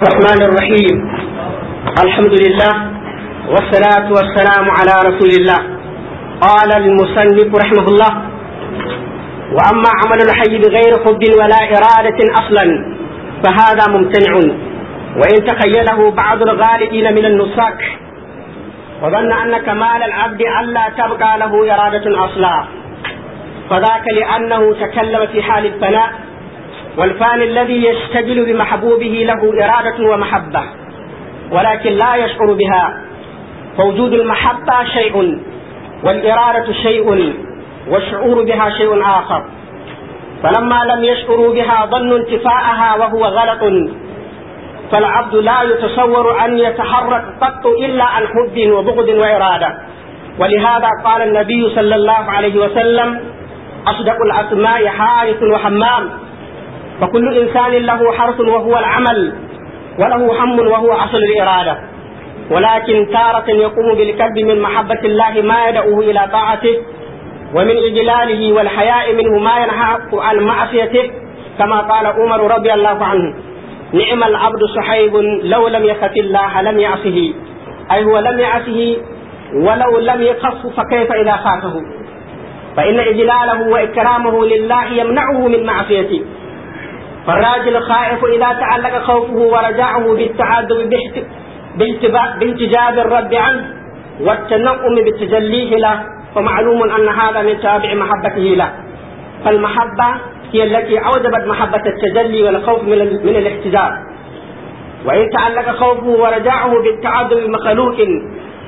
الرحمن الرحيم الحمد لله والصلاة والسلام على رسول الله قال المسلم رحمه الله وأما عمل الحي بغير حب ولا إرادة أصلا فهذا ممتنع وإن تخيله بعض الغالبين من النساك وظن أن كمال العبد ألا تبقى له إرادة أصلا فذاك لأنه تكلم في حال الفناء والفاني الذي يشتغل بمحبوبه له إرادة ومحبة ولكن لا يشعر بها فوجود المحبة شيء والإرادة شيء والشعور بها شيء آخر فلما لم يشعروا بها ظنوا انتفاءها وهو غلط فالعبد لا يتصور أن يتحرك قط إلا عن حب وبغض وإرادة ولهذا قال النبي صلى الله عليه وسلم أصدق الأسماء حارث وحمام فكل إنسان له حرص وهو العمل وله هم وهو أصل الإرادة ولكن تارة يقوم بالكذب من محبة الله ما يدعوه إلى طاعته ومن إجلاله والحياء منه ما ينهى عن معصيته كما قال عمر رضي الله عنه نعم العبد صحيب لو لم يخف الله لم يعصه أي هو لم يعصه ولو لم يخف فكيف إذا خافه فإن إجلاله وإكرامه لله يمنعه من معصيته فالراجل خائف إذا تعلق خوفه ورجعه بالتعذب بانتجاب الرب عنه والتنقم بتجليه له فمعلوم أن هذا من تابع محبته له فالمحبة هي التي أوجبت محبة التجلي والخوف من, من الاحتجاب وإن تعلق خوفه ورجعه بالتعذب بمخلوق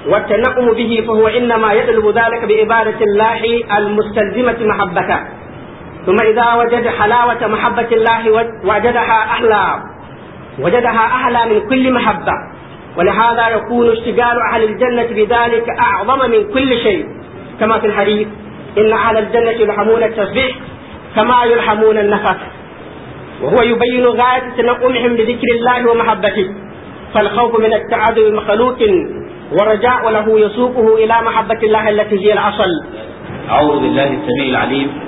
والتنقم به فهو إنما يطلب ذلك بإبادة الله المستلزمة محبته ثم إذا وجد حلاوة محبة الله وجدها أحلى وجدها أحلى من كل محبة ولهذا يكون اشتغال أهل الجنة بذلك أعظم من كل شيء كما في الحديث إن أهل الجنة يلحمون التسبيح كما يلحمون النفس وهو يبين غاية تنقمهم بذكر الله ومحبته فالخوف من التعب مخلوق ورجاء له يسوقه إلى محبة الله التي هي الأصل أعوذ بالله السميع العليم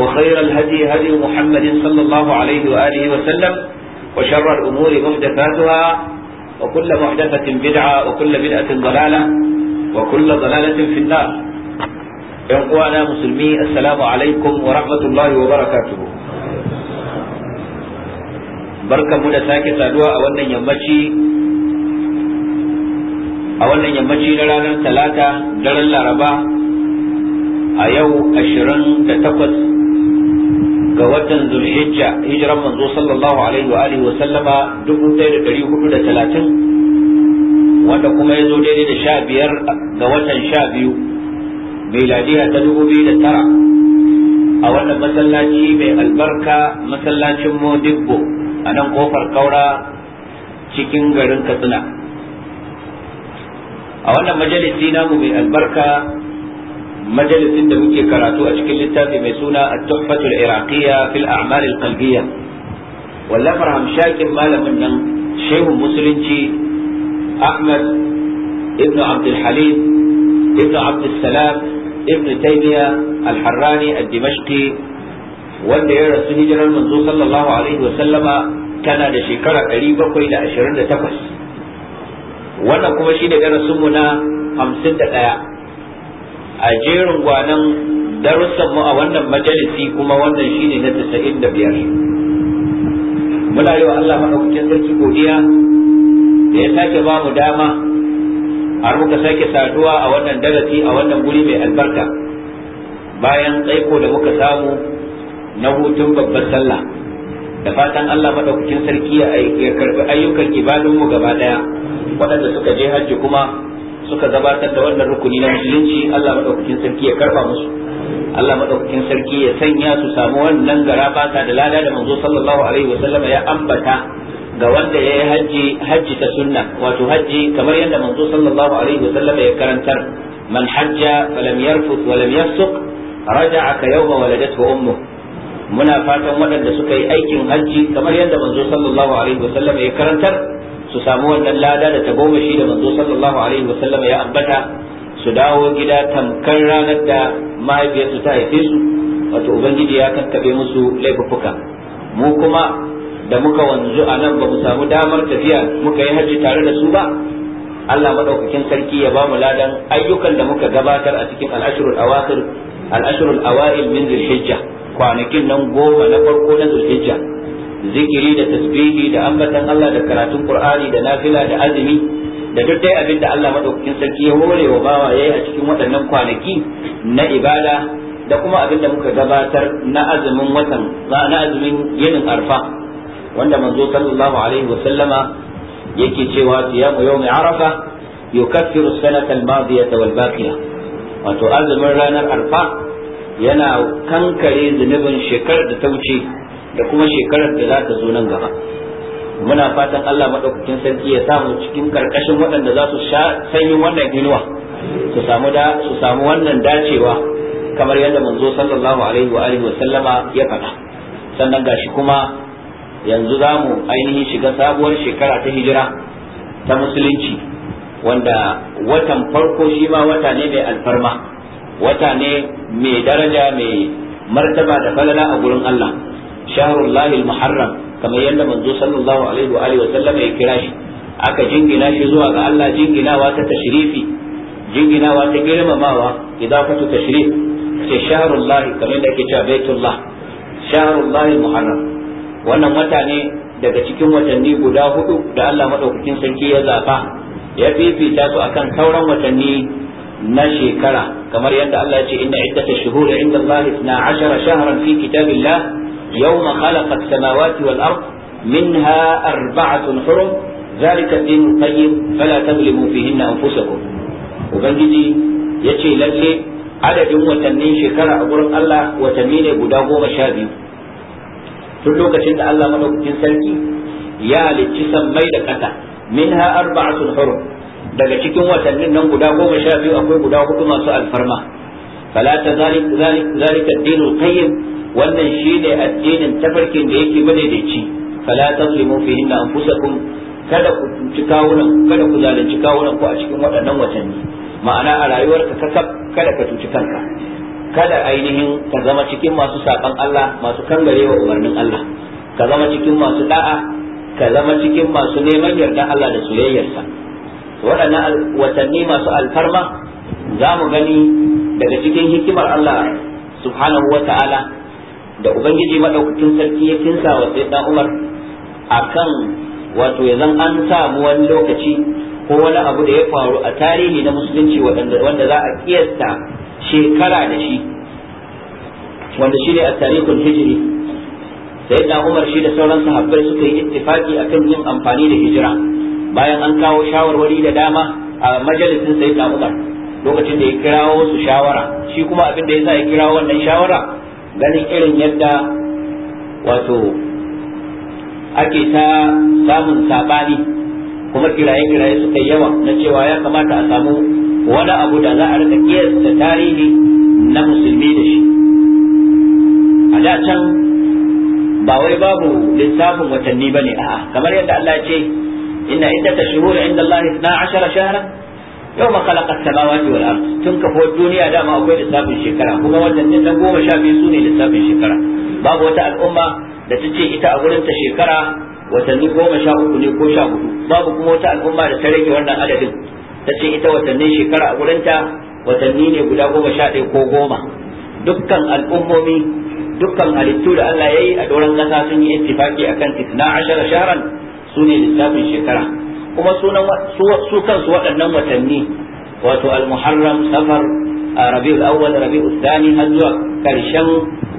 وخير الهدي هدي محمد صلى الله عليه وآله وسلم وشر الأمور محدثاتها وكل محدثة بدعة وكل بدعة ضلالة وكل ضلالة في النار إخوانا مسلمي السلام عليكم ورحمة الله وبركاته بركة مدى ساكت أدواء أولا يمشي a wannan yammaci na ranar talata daren laraba a yau ashirin da takwas ga watan zulhijja hijiran manzo sallallahu alaihi wa alihi wa sallama 1430 wanda kuma ya zo daidai da sha biyar ga watan sha biyu miladiya ta 2009 a wannan masallaci mai albarka masallacin modibbo a nan kofar kaura cikin garin katsina a wannan majalisi namu mai albarka majalisin da muke karatu a cikin littafi mai suna a tuhfatul iraqiyya fil a'mal al-qalbiyya wallafar hamshakin malamin nan shehun musulunci ahmad ibnu abd al-halim ibnu abd salam ibnu taymiya al-harrani ad-dimashqi wanda ya rasu hijirar manzo sallallahu alaihi wa sallama tana da shekara 728 wannan kuma shine darasin mu na 51 a jerin gwanan darussan mu a wannan majalisi kuma wannan shine na 95 muna yi wa Allah madaukakin sarki godiya da ya sake ba mu dama har muka sake saduwa a wannan darasi a wannan guri mai albarka bayan tsaiko da muka samu na hutun babbar sallah da fatan Allah madaukakin sarki ya karbi ayyukan ibadunmu gaba daya waɗanda suka je hajji kuma suka gabatar da wannan rukuni na musulunci Allah madaukakin sarki ya karba musu Allah madaukakin sarki ya sanya su samu wannan gara fata da lada da manzo sallallahu alaihi wasallam ya ambata ga wanda ya yi hajji hajji ta sunna wato hajji kamar yadda manzo sallallahu alaihi wasallam ya karantar man hajja falam yarfuth walam yafsuq raja'a ka yawma waladatu ummu muna fatan waɗanda suka yi aikin hajji kamar yadda manzo sallallahu alaihi wasallam ya karantar su samu wannan lada da shi da manzo sallallahu alaihi wasallam ya ambata su dawo gida tamkar ranar da mahaifiyarsu ta haife su wato ubangiji ya kankabe musu laifuffuka mu kuma da muka wanzu a nan ba mu samu damar tafiya muka yi hajji tare da su ba Allah madaukakin sarki ya ba mu ladan ayyukan da muka gabatar a cikin al-ashrul awakhir al awail min kwanakin nan goma na farko na dhulhijja zikiri da tasbihi da ambatan Allah da karatun Qur'ani da nafila da azumi da duk dai abin da Allah madaukakin sarki ya hore wa bawa yayi a cikin waɗannan kwanaki na ibada da kuma abin da muka gabatar na azumin watan na azumin yinin arfa wanda manzo sallallahu alaihi wa sallama yake cewa siyamu yawmi arafa yukaffiru sanata al-madiyata wal baqiya wato azumin ranar arfa yana kankare zunubin shekarar da ta wuce da kuma shekarar da za ta zo nan gaba muna fatan Allah madaukakin sarki ya samu cikin karkashin waɗanda za su sha wannan inuwa su samu da su samu wannan dacewa kamar yadda manzo sallallahu alaihi wa alihi wa sallama ya faɗa sannan gashi kuma yanzu za mu ainihin shiga sabuwar shekara ta hijira ta musulunci wanda watan farko shi ma wata ne mai alfarma wata ne mai daraja mai martaba da falala a gurin Allah shahrullahi muharram kamar yadda manzo sallallahu alaihi wa alihi wa sallam ya kira shi aka jingina shi zuwa ga Allah jinginawa ta tashrifi jinginawa ta girmamawa idafatu tashrif ce shahrullahi kamar da ake cewa baitullah shahrullahi muharram wannan wata ne daga cikin watanni guda hudu da Allah madaukakin sarki ya zaba ya fifita su akan sauran watanni na shekara kamar yadda Allah ya ce inna iddatash shuhuri inda Allah 12 shahran fi kitabillah يوم خلق السماوات والأرض منها أربعة حرم ذلك الدين القيم فلا تظلموا فيهن أنفسكم وبنجي يتي لسي adadin watannin shekara a Allah watanni ne guda goma sha biyu tun lokacin da Allah madaukakin sarki ya halicci sammai da ƙasa minha daga cikin watannin nan guda goma sha biyu akwai guda hudu masu alfarma fala ta zalika dinul qayyim wannan shi ne addinin tafarkin da yake madaidaici fala tazlimu fihinna anfusakum kada ku cuci kawunan kada ku zalunci kawunan ku a cikin waɗannan watanni ma'ana a rayuwarka kasab kada ka cuci kanka kada ainihin ka zama cikin masu saƙon Allah masu kangarewa umarnin Allah ka zama cikin masu da'a ka zama cikin masu neman yarda Allah da soyayyarsa waɗannan watanni masu alfarma za mu gani daga cikin hikimar Allah subhanahu wa ta'ala da ubangiji madaukakin sarki ya kinsa wa sayyidina Umar akan wato yanzu an samu wani lokaci ko wani abu da ya faru a tarihi na musulunci wanda za a kiyasta shekara da shi wanda ne a tarihin hijri sai da Umar shi da sauran sahabbai suka yi ittifaki akan yin amfani da hijira bayan an kawo shawarwari da dama a majalisin sai da Umar lokacin da ya kirawo su shawara shi kuma abin da ya sa ya kirawo wannan shawara ganin irin yadda wato ake ta samun sabani kuma kiraye-kiraye suka yawa na cewa ya kamata a samu wani abu da za a rika kiyasta tarihi na musulmi da shi a da can ba wai babu lissafin watanni ba ne a kamar yadda Allah ce inna shiru da inda Allah 12 shahra yau ma khalaqa samawati wani wala tun kafuwar duniya dama akwai lissafin shekara kuma wannan ne na goma sha biyu sune lissafin shekara babu wata al'umma da ta ce ita a gurin ta shekara watanni goma sha uku ne ko sha hudu babu kuma wata al'umma da ta rage wannan adadin ta ce ita watannin shekara a gurin ta watanni ne guda goma sha ɗaya ko goma dukkan al'ummomi dukkan halittu da Allah ya yi a doron ƙasa sun yi ittifaki akan 12 shahran sune lissafin shekara kuma sunan su kansu waɗannan watanni wato al-muharram safar rabiul awwal rabiul thani har zuwa karshen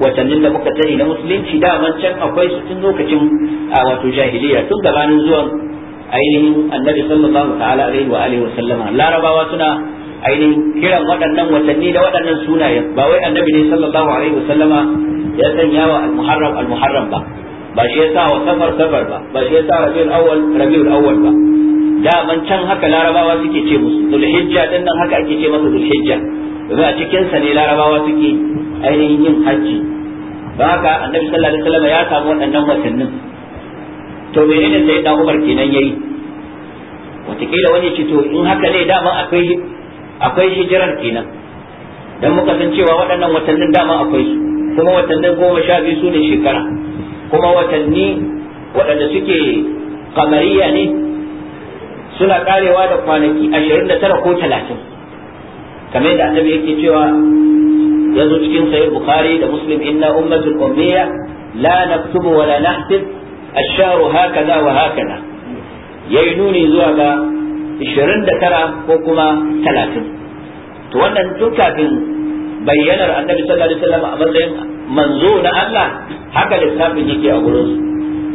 watannin da muka sani na musulunci daman can akwai su tun lokacin wato jahiliya tun gabanin zuwan ainihin annabi sallallahu ta'ala alaihi wa alihi wa sallama larabawa suna ainihin kiran waɗannan watanni da waɗannan sunayen ba wai annabi ne sallallahu alaihi wa sallama ya sanya wa al-muharram al-muharram ba ba shi ya sa wa safar safar ba ba shi ya yasa rabiul awwal rabiul awwal ba daman can haka larabawa suke ce musu zulhijja din nan haka ake ce masa zulhijja domin a cikin sa ne larabawa suke ainihin yin hajji ba haka annabi sallallahu alaihi wasallam ya samu waɗannan watannin to menene sai dan Umar kenan yayi wataƙila wani ce to in haka ne daman akwai akwai hijirar kenan dan muka san cewa waɗannan watannin dama akwai su kuma watannin goma sha biyu su ne shekara kuma watanni waɗanda suke kamariya ne suna karewa da kwanaki 29 ko 30 kamar yadda annabi yake cewa ya zo cikin sahih bukhari da muslim inna ummatul ummiya la naktubu wa la nahtib ash-shahru hakaza wa hakaza yayi nuni zuwa ga 29 ko kuma 30 to wannan tun kafin bayyanar annabi sallallahu alaihi wasallam a matsayin manzo na Allah haka lissafin yake a gurin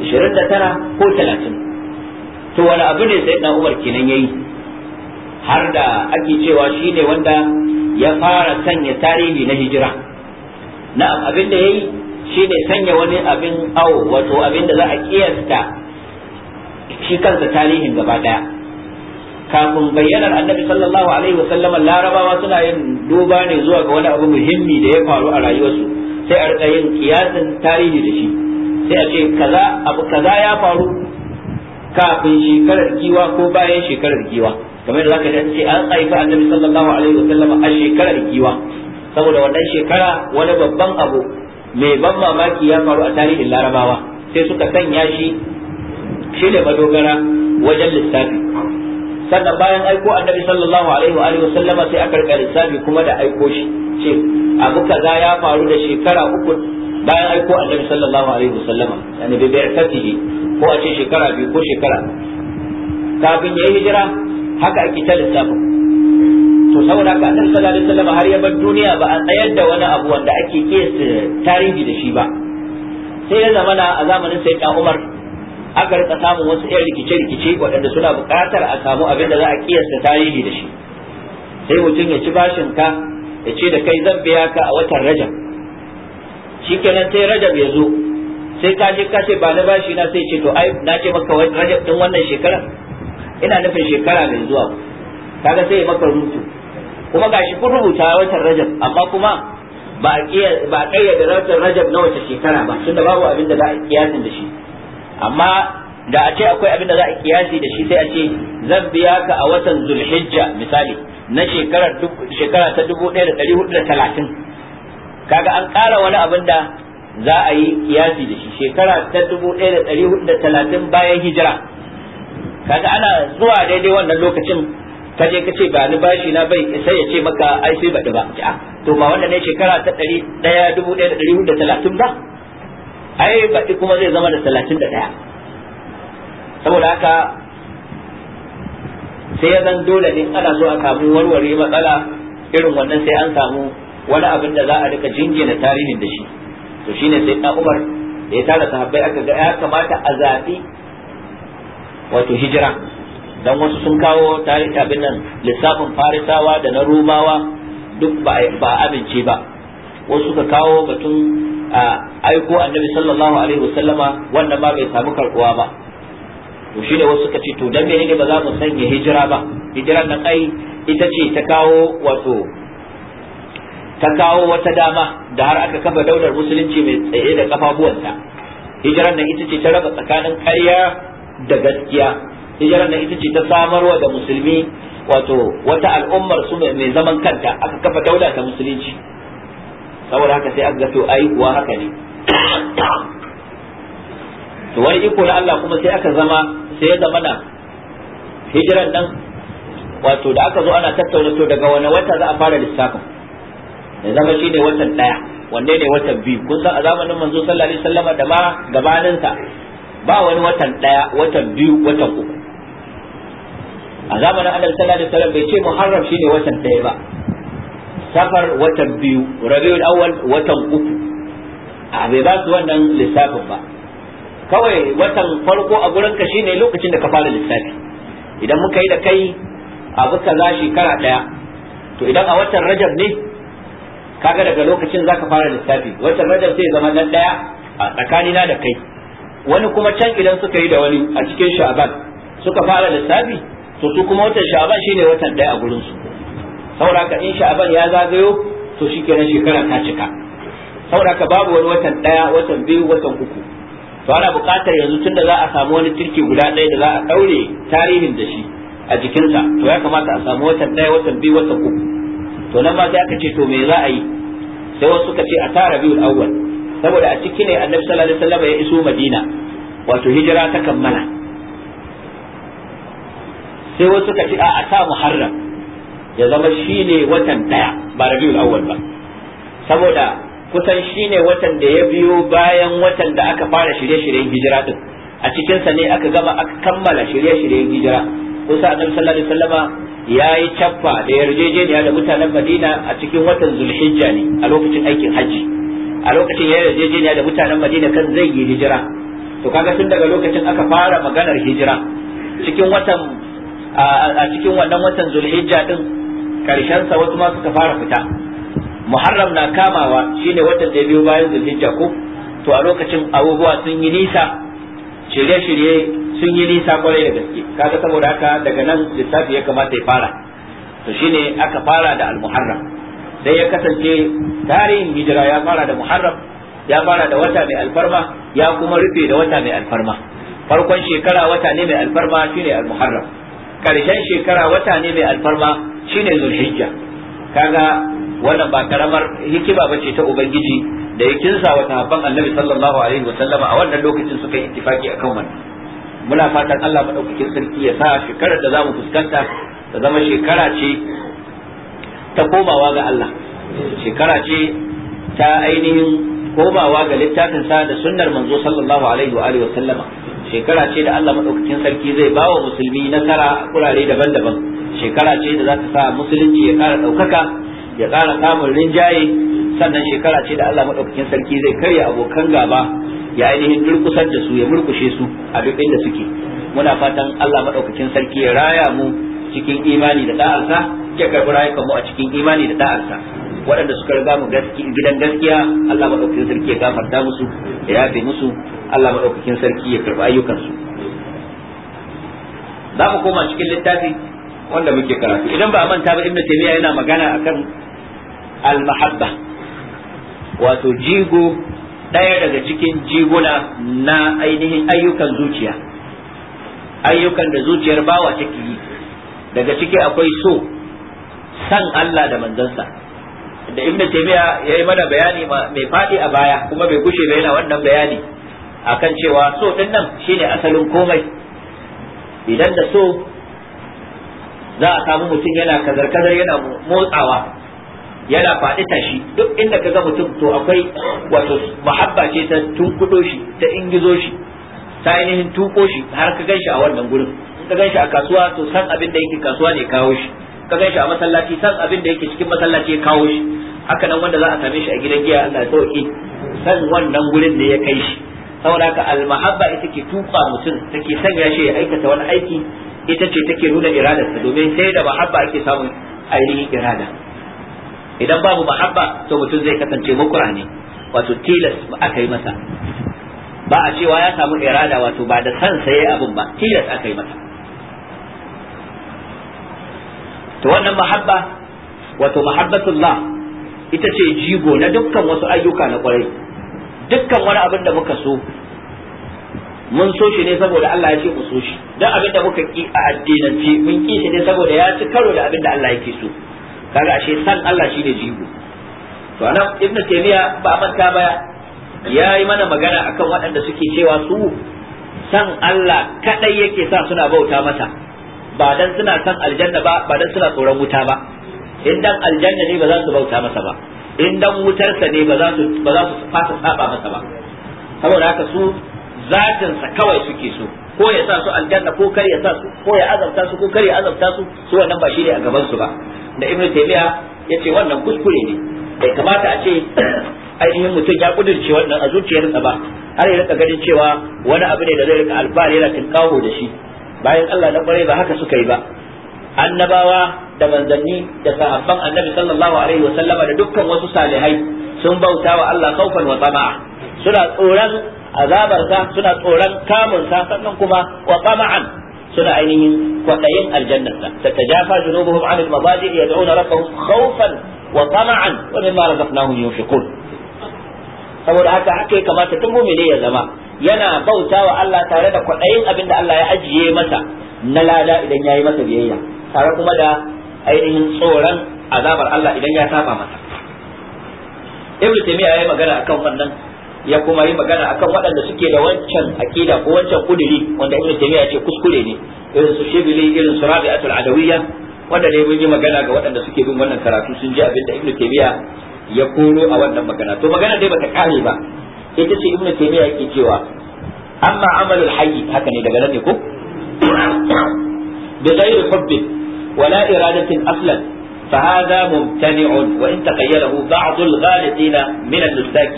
29 ko 30 to wani abu ne sai dan umar kenan yayi har da ake cewa shine wanda ya fara sanya tarihi na hijira na abin da yayi shine sanya wani abin awo wato abin da za a kiyasta shi kansa tarihin gaba daya kafin bayyanar annabi sallallahu alaihi wasallama larabawa suna yin duba ne zuwa ga wani abu muhimmi da ya faru a rayuwarsu sai a rika yin kiyasin tarihi da shi sai a ce kaza abu kaza ya faru kafin shekarar giwa ko bayan shekarar giwa kamar da zaka ji an ce an aika annabi sallallahu alaihi wa sallam a shekarar giwa saboda wannan shekara wani babban abu mai ban mamaki ya faru a tarihin larabawa sai suka sanya shi shi ne madogara wajen lissafi sannan bayan aiko annabi sallallahu alaihi wa alihi sallama sai aka rika lissafi kuma da aiko shi ce abu kaza ya faru da shekara uku bayan aiko annabi sallallahu alaihi wa sallama yani bi bi'atihi ko a ce shekara biyu ko shekara kafin yayi hijira haka ake ta lissafin to saboda ka annabi sallallahu alaihi wa sallama har ya bar duniya ba a tsayar da wani abu wanda ake kiyasta tarihi da shi ba sai ya zamana a zamanin sayyidina Umar aka rika samun wasu irin rikice-rikice waɗanda suna buƙatar a samu abin da za a kiyasta tarihi da shi sai mutum ya ci bashin ka ya ce da kai zan biya ka a watan rajab Shi kenan sai rajab ya zo sai ka je ka ce ba na bashi na sai ce to ai na ce maka rajab din wannan shekara ina nufin shekara mai zuwa kaga sai ya maka rubutu kuma gashi kun rubuta watan rajab amma kuma ba a kayyade rajab na wace shekara ba tunda babu abin da za a kiyasin da shi amma da a ce akwai abin da za a kiyasi da shi sai a ce zan biya ka a watan zulhijja misali na shekara ta 1430 kaga an ƙara wani abin da za a yi kiyasi da shi shekara ta 1430 bayan hijira kaga ana zuwa daidai wannan lokacin ka je ka ce ba ni bashi na bai sai ya ce maka ai sai baɗi ba to ba wannan ne shekara ta 1130 ɗaya dubu da hudu da talatin ba ai baɗi kuma zai zama da talatin da ɗaya saboda haka sai ya zan dole ne ana so a samu warware matsala irin wannan sai an samu wani abin da za a rika jingina tarihin da shi to shine sai na umar da ya tara sahabbai aka ga ya kamata a zaɓi wato hijira dan wasu sun kawo tarihi abin nan lissafin farisawa da na rumawa duk ba a amince ba wasu suka kawo batun aiko annabi sallallahu alaihi wasallama wannan ma bai samu karbuwa ba to shine wasu suka ce to dan ne ba za mu sanya hijira ba hijiran nan ai ita ce ta kawo wato ta kawo wata dama da har aka kafa daular musulunci mai tsaye da kafafuwanta hijiran nan ita ce ta raba tsakanin ƙarya da gaskiya hijiran nan ita ce ta samarwa da musulmi wato wata al'ummar su mai zaman kanta aka kafa daula ta musulunci saboda haka sai aka to ai kuwa haka ne to wani iko na Allah kuma sai aka zama sai ya zama na hijiran nan wato da aka zo ana tattauna to daga wani wata za a fara lissafin ya zama shi ne watan daya wanne ne watan biyu kun san a zamanin manzo sallallahu alaihi wasallam da ma sa ba wani watan daya watan biyu watan uku a zamanin annabi sallallahu alaihi wasallam bai ce muharram shi ne watan daya ba safar watan biyu rabiul awwal watan uku a bai ba su wannan lissafin ba kawai watan farko a gurin ka shine lokacin da ka fara lissafi idan muka yi da kai a abu za shekara daya to idan a watan rajab ne kaga daga lokacin zaka fara lissafi watan rajab sai zama nan daya a tsakanina da kai wani kuma can idan suka yi da wani a cikin sha'ban suka fara lissafi to su kuma watan sha'ban shine watan daya a gurin su Saura ka in sha'aban ya zagayo to shikenan shekara ta cika saura ka babu wani watan daya watan biyu watan uku to ana buƙatar yanzu tunda za a samu wani turki guda ɗaya da za a ɗaure tarihin da shi a jikinsa to ya kamata a samu watan ɗaya watan biyu watan uku to nan ma sai aka ce to me za a yi sai wasu suka ce a tara biyu awwal saboda a ciki ne annabi sallallahu alaihi wasallam ya iso madina wato hijira ta kammala sai wasu suka ce a a sa muharram ya zama shi ne watan daya ba rabiul awwal ba saboda kusan shi ne watan da ya biyo bayan watan da aka fara shirye-shiryen hijira din a cikin sa ne aka gama aka kammala shirye-shiryen hijira kusa annabi sallallahu alaihi wasallama yayi cappa da yarjejeniya da mutanen Madina a cikin watan Zulhijja ne a lokacin aikin haji a lokacin ya yarjejeniya da mutanen Madina kan zai yi hijira to kaga tun daga lokacin aka fara maganar hijira cikin watan a cikin wannan watan Zulhijja din karshen sa wasu ma suka fara fita muharram na kamawa shine watan da biyu bayan zulhijja ko to a lokacin abubuwa sun yi nisa shirye-shirye sun yi nisa kwarai da gaske kaga saboda haka daga nan lissafi ya kamata ya fara to shine aka fara da al-muharram sai ya kasance tarihin hijira ya fara da muharram ya fara da wata mai alfarma ya kuma rufe da wata mai alfarma farkon shekara wata ne mai alfarma shine al-muharram karshen shekara wata ne mai alfarma shine zulhijja kaga wannan ba karamar hikima bace ta ubangiji da ya kinsa wa sahabban annabi sallallahu alaihi sallama. a wannan lokacin suka yi ittifaki akan wannan muna fatan Allah madaukakin sarki ya sa shekarar da zamu fuskanta ta zama shekara ce ta komawa ga Allah shekara ce ta ainihin komawa ga littafin sa da sunnar manzo sallallahu alaihi wa alihi wasallama shekara ce da Allah madaukakin sarki zai ba wa musulmi nasara a kurare daban-daban shekara ce da za ta sa musulunci ya kara ɗaukaka ya ƙara samun rinjaye sannan shekara ce da Allah madaukakin sarki zai karya abokan gaba ya ainihin durkusar da su ya murkushe su a duk inda suke muna fatan Allah madaukakin sarki ya raya mu cikin imani da da'arsa ya karbi rayukan mu a cikin imani da da'arsa waɗanda suka riga mu gidan gaskiya Allah madaukakin sarki ya gafarta musu ya yafe musu Allah madaukakin sarki ya karɓi ayyukansu za mu koma cikin littafi wanda muke karatu idan ba a manta ba ibnu taymiya yana magana akan al-mahabba wato jigo ɗaya daga cikin jiguna na ainihin ayyukan zuciya ayyukan da zuciyar bawa take yi daga ciki akwai so san Allah da manzansa da ibnu taymiya yayi mana bayani mai fadi a baya kuma bai kushe ba yana wannan bayani akan cewa so din nan shine asalin komai idan da so za a samu mutum yana kazar-kazar yana motsawa yana faɗi tashi duk inda ka ga mutum to akwai wato mahabba ce ta tunkudo shi ta ingizo shi ta ainihin tuko shi har ka ganshi a wannan gurin in ka ganshi a kasuwa to san abin da yake kasuwa ne kawo shi ka gaishe a masallaci san abin da yake cikin masallaci ya kawo shi haka nan wanda za a same shi a gidan giya Allah sauki san wannan gurin da ya kai shi saboda haka almahabba ita ke tuka mutum take sanya shi ya aikata wani aiki ita ce take nuna sa, domin sai da mahabba ake samun ainihin irada idan babu mahabba to mutum zai kasance makura ne wato tilas aka yi masa ba a cewa ya samu irada wato ba da san sai abin ba tilas aka yi masa to wannan mahabba wato mahabbatullah ita ce jigo na dukkan wasu ayyuka na kwarai dukkan wani abin da muka so mun so shi ne saboda Allah ya ce mu so shi dan abin da muka ki a addinance mun ki shi ne saboda ya ci karo da abin da Allah yake so kaga ashe san Allah shi ne jigo to anan ibn taymiya ba manta ba ya yi mana magana akan waɗanda suke cewa su san Allah kadai yake sa suna bauta masa ba dan suna san aljanna ba ba dan suna tsoron wuta ba in dan aljanna ne ba za su bauta masa ba in dan wutarsa ne ba za su ba za su fasa saba masa ba saboda haka su zatin sa kawai suke so ko ya sa su aljanna ko kar ya sa su ko ya azabta su ko kar ya azabta su su wannan ba shine a gaban su ba da ibnu taymiya yace wannan kuskure ne bai kamata a ce ainihin mutum ya kudurce wannan a zuciyarsa ba har ya rika ganin cewa wani abu ne da zai rika alfahari yana tinkawo da shi bayan Allah na kwarai ba haka suka yi ba annabawa da manzanni da sahabban annabi sallallahu alaihi wasallama da dukkan wasu salihai sun bauta wa Allah kaufan wa suna tsoron azabarsa suna tsoron kamunsa sannan kuma wa tsama'an suna ainihin kwaɗayin aljannarsa ta tajafa junubuhum anil mabadi yad'una rabbahum khawfan wa tsama'an wa mimma razaqnahum yunfiqun saboda haka haka ya kamata tun mu'mini ya zama yana bauta wa Allah tare da kwaɗayin abin da Allah ya ajiye masa na lada idan ya yi masa biyayya tare kuma da ainihin tsoron azabar Allah idan ya saba masa ibn ya yi magana akan wannan ya kuma yi magana akan waɗanda suke da wancan aƙida ko wancan kuduri wanda ibn ya ce kuskure ne irin su shibili irin su rabi'atul adawiyya wanda ne mun yi magana ga waɗanda suke bin wannan karatu sun ji abin da ibn taymiya ya koro a wannan magana to magana dai bata kare ba ita ce ibnu taymiya yake cewa amma amalul hayy haka ne daga nan ne ko bi ghairi hubbin wala iradatin aslan فهذا ممتنع وإن تخيله بعض الغالطين من اللذاك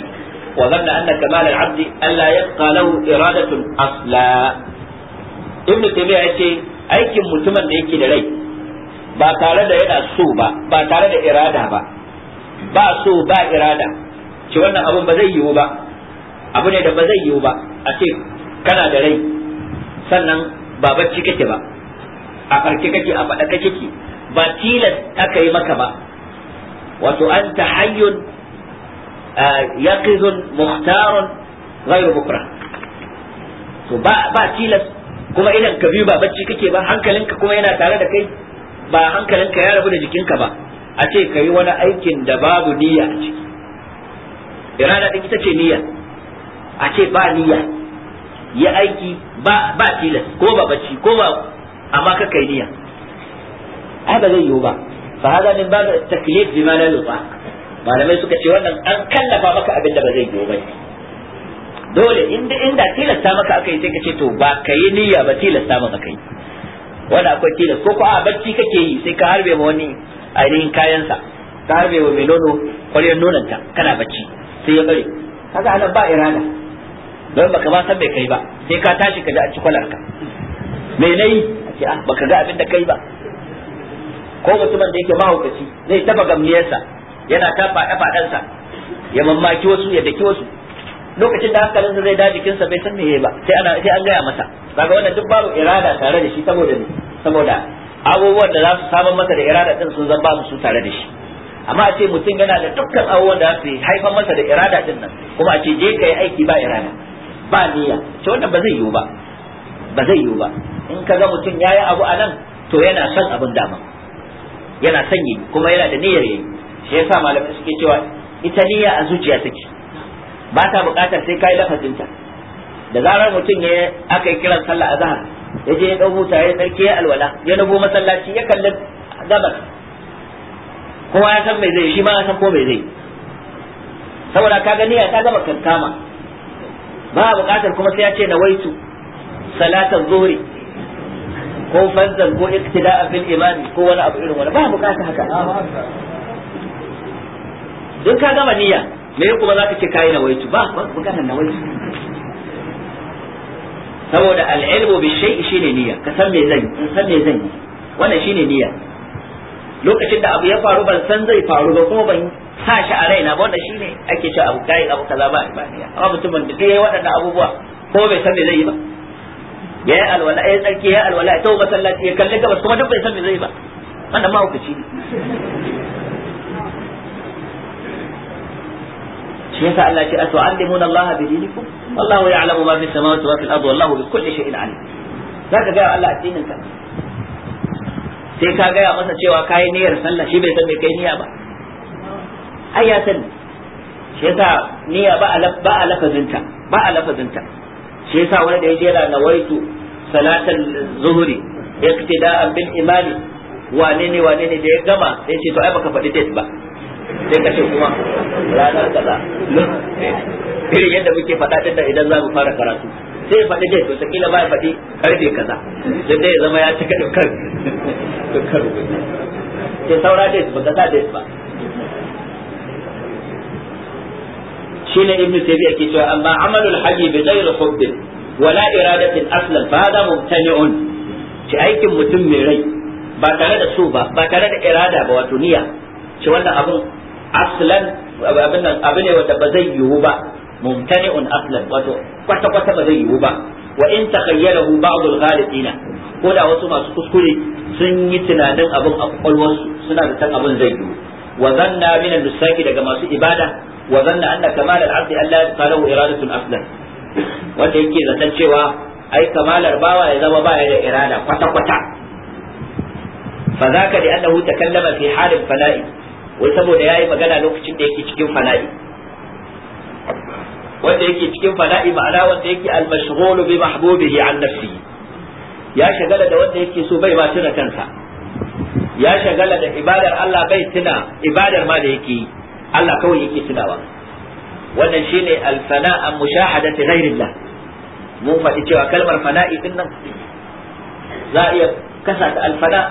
وظن أن كمال العبد ألا يبقى له إرادة أصلا ابن تيمية يقول aikin mutumin da yake da rai. ba tare da yana so ba ba tare da irada ba ba so ba irada ce wannan abun ba zai yiwu ba abu ne da ba zai yiwu ba a ce kana da rai sannan ba bacci kake ba a farke kake a faɗa kake ki ba tilas aka yi maka ba wato an ta hayyun yaqizun muhtarun ghairu bukra to ba ba tilas kuma idan ka biyu ba bacci kake ba hankalinka kuma yana tare da kai ba hankalinka ya rabu da jikinka ba a ce ka yi wani aikin da babu niyya a ciki irada din ita ce niyya a ce ba niyya yi aiki ba ba tilas ko ba bacci ko ba amma ka kai niyya ai ba zai yiwu ba fa hada min ba taklif bima la yutaq malamai suka ce wannan an kallafa maka abin da ba zai yiwu ba dole inda inda tilasta maka aka yi sai ka ce to ba ka yi niyya ba tilasta maka kai wanda akwai tilas ko ko a bacci kake yi sai ka harbe ma wani ainihin kayansa ka harbe wa mai nono kwaryar nonanta kana bacci sai ya bare kaga anan ba irada don baka ba san bai kai ba sai ka tashi ka ji a cikwalar ka me nayi a ce ah baka ga abin da kai ba ko mutumin da yake mahaukaci zai taba gamniyarsa yana tafa kafa sa. ya mamaki wasu ya daki wasu lokacin da sa zai da sa bai san meye ba sai ana sai an gaya masa kaga wannan duk babu irada tare da shi saboda saboda abubuwan da za su saman masa da irada din sun zan ba su su tare da shi amma a ce mutum yana da dukkan abubuwan da za su haifar masa da irada din nan kuma a ce je ka yi aiki ba irada ba niyya ce wannan ba zai yiwu ba ba zai yiwu ba in ka ga mutum ya yi abu a nan to yana son abin dama yana son yi kuma yana da niyyar yi shi yasa malamai suke cewa ita niyya a zuciya take ba ta bukatar sai ka yi lafazinta da zarar mutum ya aka yi kiran sallah a zahar Yaje ya dauko tare ya ya alwala ya nubo masallaci ya kalli gabas kuma ya san me zai shi ma ya san ko me zai saboda ka gani ya ta gama kankama ba bukatar kuma sai ya ce na waitu salatar zuhri ko fazzan ko iktida'a fil imani ko wani abu irin wani ba bukatar haka duk ka gama niyya me kuma za ka ce kayi waitu ba na waitu. saboda al'ilmu bi shay'i shine niyya ka san me zan yi san me zan yi wannan shine niyya lokacin da abu ya faru ban san zai faru ba kuma ban sa shi a raina ba wannan shine ake cewa abu kai abu kaza ba imaniya niyya amma mutumin da kai yayi waɗannan abubuwa ko bai san me zai yi ba ya yi alwala ya tsarki ya alwala ya tawo masallaci ya kalli gabas kuma duk bai san me zai yi ba wannan ma hukunci ne shi yasa Allah ce atu'allimuna Allah bi dinikum wallahu ya'lamu ma fi samawati wa fil ardi wallahu bi kulli shay'in alim zaka ga Allah addinin ka sai ka gaya masa cewa kai niyyar sallah shi bai san me kai niyya ba ai ya san shi yasa niyya ba alaf ba alafazinta ba alafazinta shi yasa wani da yaje yana nawaitu salatan zuhri iqtida'an bil imani wane ne wane ne da ya gama sai ce to ai baka faɗi date ba sai ka ce kuma ranar kaza irin yadda muke faɗa din idan za mu fara karatu sai ya faɗi jai sosai, kila ba ya faɗi karfe kaza sai dai ya zama ya cika dukkan dukkan sai saura date ba kaza sa ba shi ne ibnu sabi ke cewa amma amalul haji bi ghairi hubbin wala iradatin aslan fa hada mumtani'un ci aikin mutum mai rai ba tare da so ba ba tare da irada ba wato niyya ci wannan abun aslan abin nan abu ne wata ba zai yiwu ba mumtani'un aslan wato kwata kwata ba zai yiwu ba wa in takhayyalahu ba'd al-ghalibina ko da wasu masu kuskure sun yi tunanin abin a kwakwalwarsu suna da tan abin zai yiwu wa zanna min al-nusaki daga masu ibada wa zanna anna kamal al-abd alla yaqalu iradatun aslan wanda yake zaton cewa ai kamalar bawa ya zama baya da irada kwata kwata fa zaka li annahu takallama fi halin fala'i wai saboda yayi magana lokacin da yake cikin fana'i wanda yake cikin fana'i ma'ana wanda yake al-mashghul bi mahbubihi an nafsi ya shagala da wanda yake so bai ma tuna kansa ya shagala da ibadar Allah bai tuna ibadar ma da yake yi Allah kawai yake tunawa wannan shine al-fana' an mushahadati ghairillah mun faɗi cewa kalmar fana'i din nan za a iya kasa ta al-fana'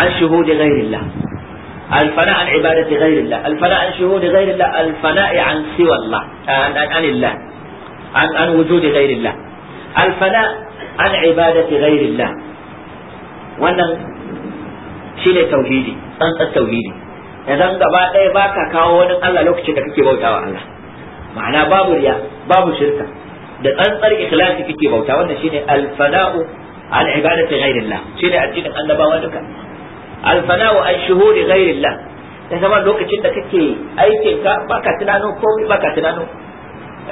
an shuhudi ghairillah الفناء عن عبادة غير الله الفناء عن شهود غير الله الفناء عن سوى الله عن, عن, عن الله عن, عن وجود غير الله الفناء عن عبادة غير الله wannan shi ne tauhidi tsantsar tauhidi Idan gaba ɗaya ba ka kawo wani Allah lokacin da kake bautawa Allah ma'ana babu riya babu shirka da tsantsar ikhlasi kake bauta wannan shine al-fana'u an ibadati ghairillah shine addinin annabawa duka alfana'u an shuhuri ghairillah ya zama lokacin da kake aikin ka baka tunanin komai baka tunanin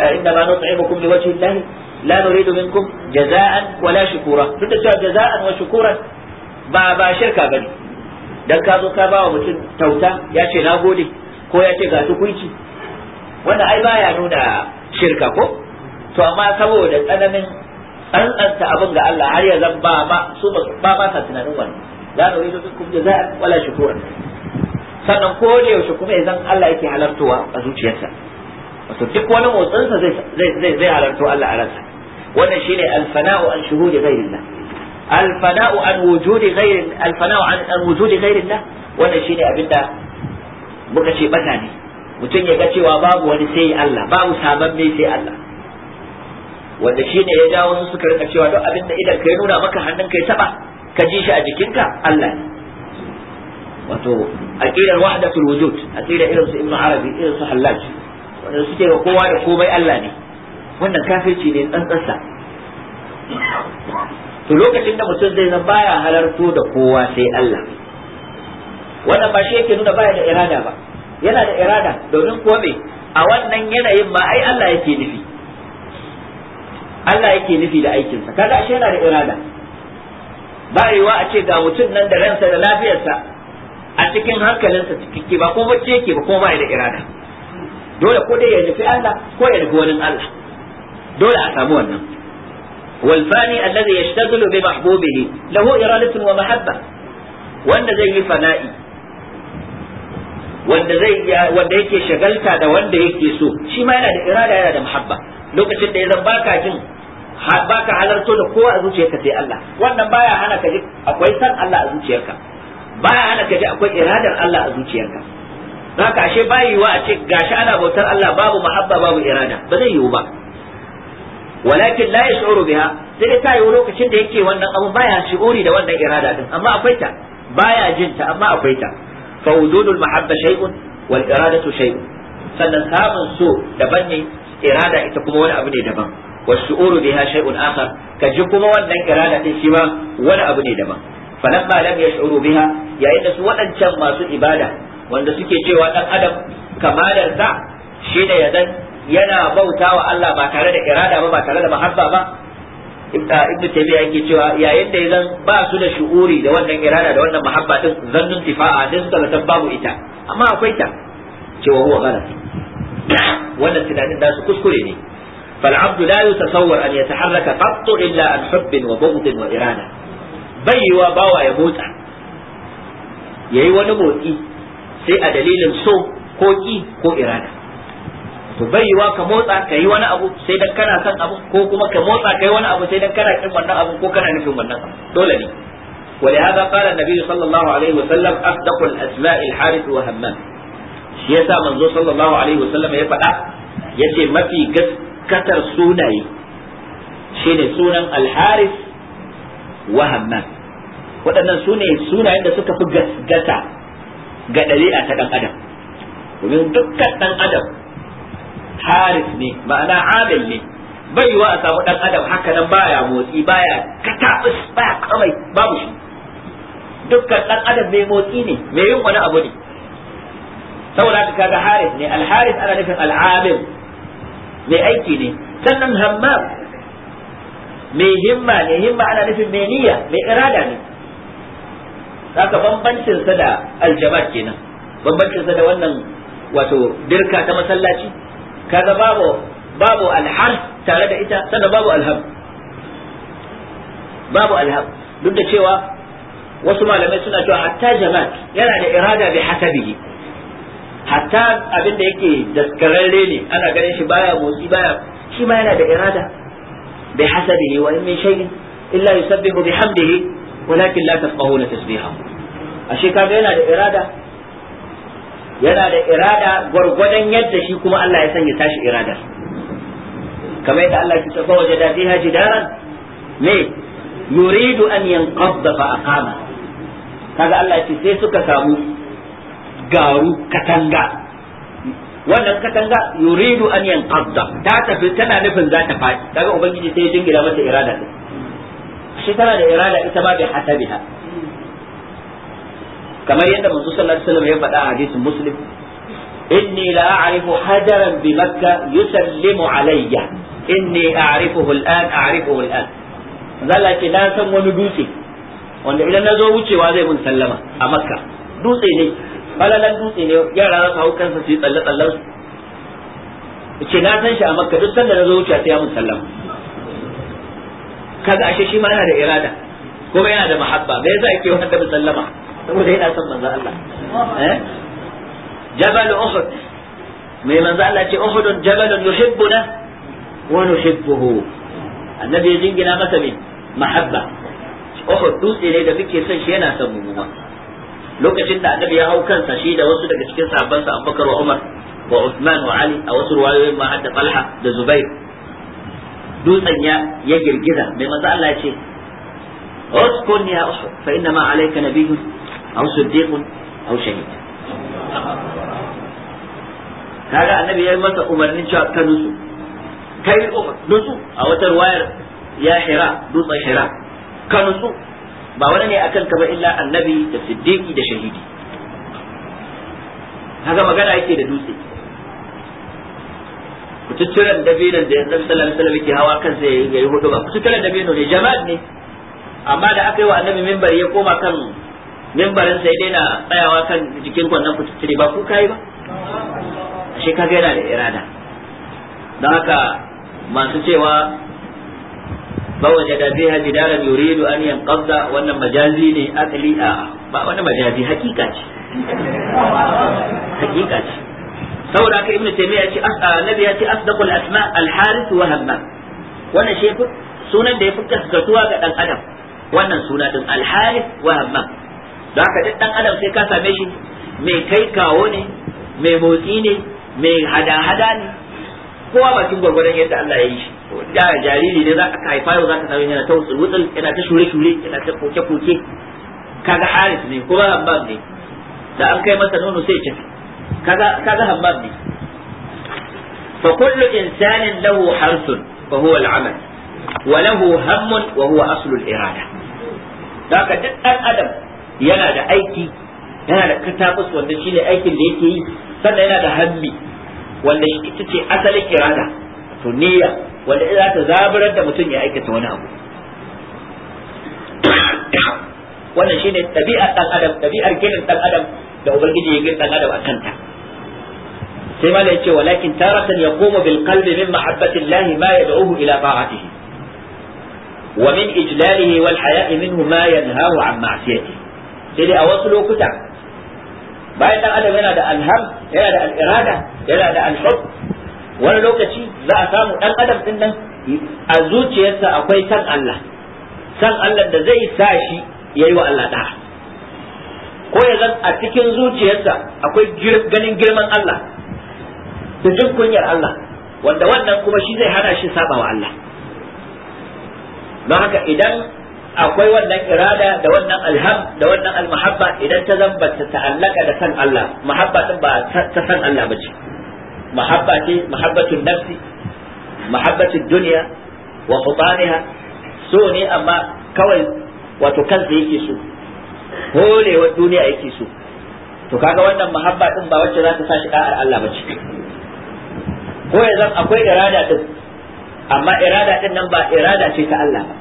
eh, inda ma nut'imukum liwajhi llahi la nuridu minkum jaza'an wala shukura duk da cewa jaza'an wa shukuran ba ba shirka bane dan ka zo ka ba wa mutum tauta ya ce na gode ko ya ce ga tukunci wanda ai baya nuna shirka ko to amma saboda tsananin tsantsanta abin ga Allah har ya zan ba ma su ba ma tunanin wannan la nuridu minkum jaza'an wala shukura sannan ko da yaushe kuma idan Allah yake halartowa a zuciyarsa wato duk wani motsinsa zai zai zai halarto Allah a ransa wannan shine alfana'u an shuhudi ghairillah alfana'u an wujudi ghairin alfana'u an an wujudi ghairillah wannan shine abinda muka ce bata ne mutum ya ga cewa babu wani sai Allah babu sabon mai sai Allah wanda shine ya jawo su suka rika cewa duk abinda idan kai nuna maka hannun kai taba ka ji shi a jikinka Allah ne wato aqidar wahdatul wujud aqida irin su ibnu arabi irin su hallaj wanda suke ga kowa da komai Allah ne wannan kafirci ne tsantsansa to lokacin da mutum zai zan baya halarto da kowa sai Allah wannan ba shi yake nuna baya da irada ba yana da irada domin kuwa me a wannan yanayin ma ai Allah yake nufi Allah yake nufi da aikinsa kaga ashe yana da irada ba a yi wa a ce ga mutum nan da ransa da lafiyarsa a cikin hankalinsa cikakke ba ko bacci yake ba ko ba ya da irada dole ko dai ya nufi Allah ko ya nufi wani Allah dole a samu wannan والفاني الذي يشتغل بمحبوبه له wa ومحبة wanda zai yi fana'i wanda zai wanda yake shagalta da wanda yake so shi ma yana da irada yana da muhabba lokacin da ya zan baka jin ba ka halarto da kowa a zuciyarka sai Allah wannan baya hana ka ji akwai san Allah a zuciyarka baya hana ka ji akwai iradar Allah a zuciyarka ka ashe bayi wa a ce gashi ana bautar Allah babu mahabba babu irada ba zai yiwu ba walakin la yash'uru biha sai dai tayi lokacin da yake wannan abu baya shi'uri da wannan irada din amma akwai ta baya jin ta amma akwai ta fa wujudul mahabba shay'un wal iradatu shay'un sannan samun so daban ne irada ita kuma wani abu ne daban والشعور بها شيء آخر كجكما وأن إرادة شما ولا أبني دما فلما لم يشعروا بها يا إنس وأن شما سوء إبادة وأن سكي جوا أن أدم كمال الزع شين يدن ينا بوتا وألا ما كان إرادة ما كان محبة ما ibn taymiya yake cewa yayin da idan ba su da shu'uri da wannan irada da wannan mahabba din zannun tifa'a din salatan babu ita amma akwai ta cewa huwa wannan tunanin da su kuskure ne فالعبد لا يتصور أن يتحرك قط إلا عن حب وبغض وإرادة بي وباوى يموت yayi wani motsi sai a dalilin so ko ki ko irada to bai yiwa ka motsa ka yi wani abu sai dan kana son abu ko kuma ka motsa ka yi wani abu sai dan kana kin wannan abu ko kana nufin wannan abu dole ne ولهذا قال النبي صلى الله عليه وسلم أصدق الأسماء الحارث وهمام shi yasa manzo sallallahu alaihi wasallam ya faɗa yace mafi katar sunaye shine sunan alharis wa hamman waɗannan su ne sunayen da suka fi gasgata ga ɗari'a ta ɗan adam domin dukkan ɗan adam haris ne ma'ana adal ne bai yiwa a samu ɗan adam haka nan baya motsi baya katabus baya kamai babu shi dukkan ɗan adam mai motsi ne mai yin wani abu ne saboda haka kaga haris ne alharis ana nufin al'amil mai aiki ne sannan hammam mai himma ne himma ana nufin mai niyya mai irada ne haka bambancin sa da aljamar kenan bambancin sa da wannan wato dirka ta masallaci kaga babu babu alhar tare da ita sannan babu alham babu alham duk da cewa wasu malamai suna cewa hatta jamaat yana da irada bi hasabihi hatta abin da yake daskararre ne ana ganin shi baya motsi baya shi ma yana da irada bi hasabihi wa min shay'in illa yusabbihu bihamdihi walakin la tafqahuna tasbihahu ashe kaga yana da irada yana da irada gwargwadon yadda shi kuma Allah ya sanya tashi irada? kamar yadda Allah ya tafa waje da fiha jidaran me yuridu an yanqadda fa aqama kaga Allah ya ce sai suka samu garu katanga wannan katanga yuridu an yanqadda ta tafi tana nufin za ta faɗi daga ubangiji sai ya mata irada din shi tana da irada ita ba bai hasabiha kamar yadda manzo sallallahu alaihi wasallam ya faɗa a hadisin muslim inni la a'rifu hajaran bi makka yusallimu alayya inni a'rifuhu al'an a'rifuhu al'an zalla ce na san wani dutse wanda idan na zo wucewa zai mun sallama a makka dutse ne falalan dutse ne yara za su hau kansa su yi tsalle tsallen su ce na san shi a makka duk sanda na zo wuce sai ya mun sallama kaga ashe shi ma yana da irada kuma yana da mahabba me yasa yake wa annabi sallama saboda yana son manzo Allah eh jabal uhud mai manzo Allah ce uhud jabal yuhibbuna wa nuhibbuhu annabi ya jingina masa me mahabba uhud dutse ne da muke son shi yana son mu lokacin da annabi ya hau kansa shi da wasu daga cikin sahabbansa Abubakar wa Umar wa Uthman wa Ali a wasu ruwayoyin ma hadda Talha da Zubair dutsen ya ya girgiza mai manzo Allah ya ce uskun ya uskun fa inna ma alayka nabiyyun aw siddiqun aw shahid kaga annabi ya yi masa umarnin cewa ka nutsu kai nutsu a wata ruwayar ya hira dutsen hira ka nutsu ba wani ne akan ka ba illa annabi da siddiqi da shahidi haka magana yake da dutse kututturan dabinan da yanzu sallallahu alaihi wasallam yake hawa sai ya yi hudu ba kututturan dabino ne jama'a ne amma da aka yi wa annabi mimbar ya koma kan mimbarin sai dai na tsayawa kan jikin wannan kututture ba ku kai ba ashe kaga yana da irada don haka masu cewa فوجد فيها جدارا يريد ان ينقض وان مجازي ني اقلي ba wani majazi hakika ce hakika ce saboda haka ibnu taymiya ce ah, ah, annabi ya ce asdaqul asma al harith wa hamma wannan shi sunan da ya fi gaskatuwa ga dan adam wannan suna din al harith wa hamma don haka duk dan adam sai ka same shi mai kai kawo ne mai motsi ne mai hada-hada ne kowa cikin gwargwadon yadda Allah ya yi shi da jariri ne za ka kai fayo za ka same yana ta wutsul wutsul yana ta shure shure yana ta koke koke kaga haris ne kuma hammam ne da an kai masa nono sai ya tafi kaga kaga hammam ne fa kullu insanin lahu harsun fa huwa al-amal wa lahu hammun wa huwa aslul irada da duk dan adam yana da aiki yana da katabus wanda shine aikin da yake yi sannan yana da hammi wanda ita ce asalin irada to niyya wanda za ta zaburar da mutum ya aikata wani abu wannan shine ɗabi'ar dan adam tabi'ar ginin dan adam da ubangiji ya gina ɗan adam a kanta sai ma ya ce walakin taratan yaqumu bil qalbi min mahabbati llahi ma yad'uhu ila ta'atihi wa min ijlalihi wal haya'i minhu ma yanhahu an ma'siyatihi sai dai a wasu lokuta bayan dan adam yana da alham yana da al'irada yana da alhub wani lokaci za a samu dan adam din nan a zuciyarsa akwai san Allah san Allah da zai sa shi yayi wa Allah da ko ya zan a cikin zuciyarsa akwai ganin girman Allah da jin kunyar Allah wanda wannan kuma shi zai hana shi saba wa Allah don haka idan akwai wannan irada da wannan alham da wannan almahabba idan ta zamba ta ta'allaka da san Allah mahabba din ba ta san Allah bace mahabba ce mahabbatun nafsi mahabbatun dunya wa khutaniha so ne amma kawai wato kansa yake so holewar duniya yake so to kaga wannan mahabba din ba wacce za ta sa shi da'ar Allah bace ko yanzu akwai irada din amma irada din nan ba irada ce ta Allah ba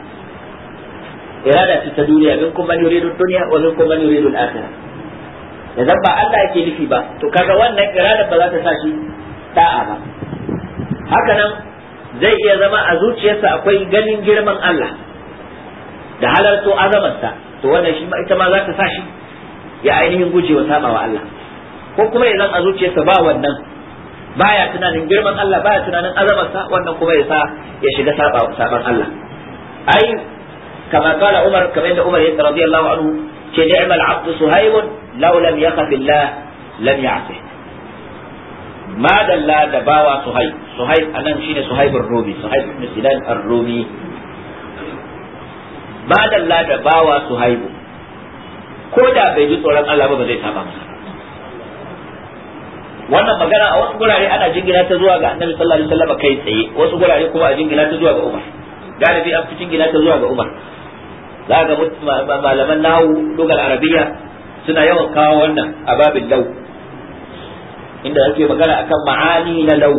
irada ta duniya min kuma yuridu dunya wa min kuma yuridu al-akhirah idan ba Allah yake nufi ba to kaga wannan irada ba za ta sa shi da'a ba haka nan zai iya zama a zuciyarsa akwai ganin girman Allah da halarto azamarsa to wannan shi ma ita ma za ta sa shi ya ainihin gujewa sabawa Allah ko kuma idan a zuciyarsa ba wannan baya tunanin girman Allah baya tunanin azamarsa wannan kuma ya sa ya shiga sabawa saban Allah ai كما قال عمر كما ان عمر رضي الله عنه نعم العبد صهيب لو لم يخف الله لم يعصه ما دل دباوى صهيب صهيب انا شيني صهيب الرومي صهيب بن سنان الرومي ما دل دباوى صهيب كودا بيجي tsoron Allah ba zai saba masa wannan magana a wasu gurare ana jingina ta zuwa ga annabi sallallahu alaihi wasallam kai tsaye wasu gurare kuma a jingina ta zuwa ga Umar galibi an fi jingina ta zuwa ga Umar za ga malaman nahu lugar arabiya suna yawan kawo wannan a babin lau inda ake magana akan ma'ani na lau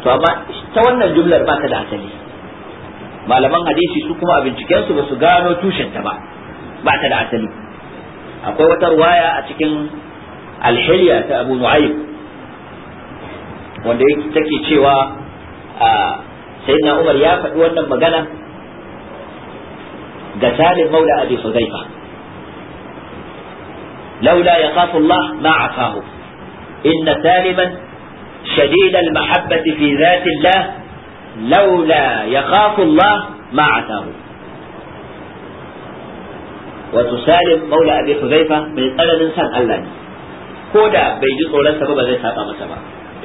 to amma ta wannan jumlar ba ta da asali malaman hadisi su kuma a binciken su ba su gano tushen ta ba ba ta da asali akwai wata ruwaya a cikin alhiliya ta abu nu'aym wanda take cewa a ah, sayyidina umar ya faɗi wannan magana ده سالم مولى ابي حذيفه لولا يخاف الله ما عفاه ان سالما شديد المحبه في ذات الله لولا يخاف الله ما عتاه. وتسالم مولى ابي حذيفه من قلد الانسان الله كودا بيجي طول السبب زي ساقام السبب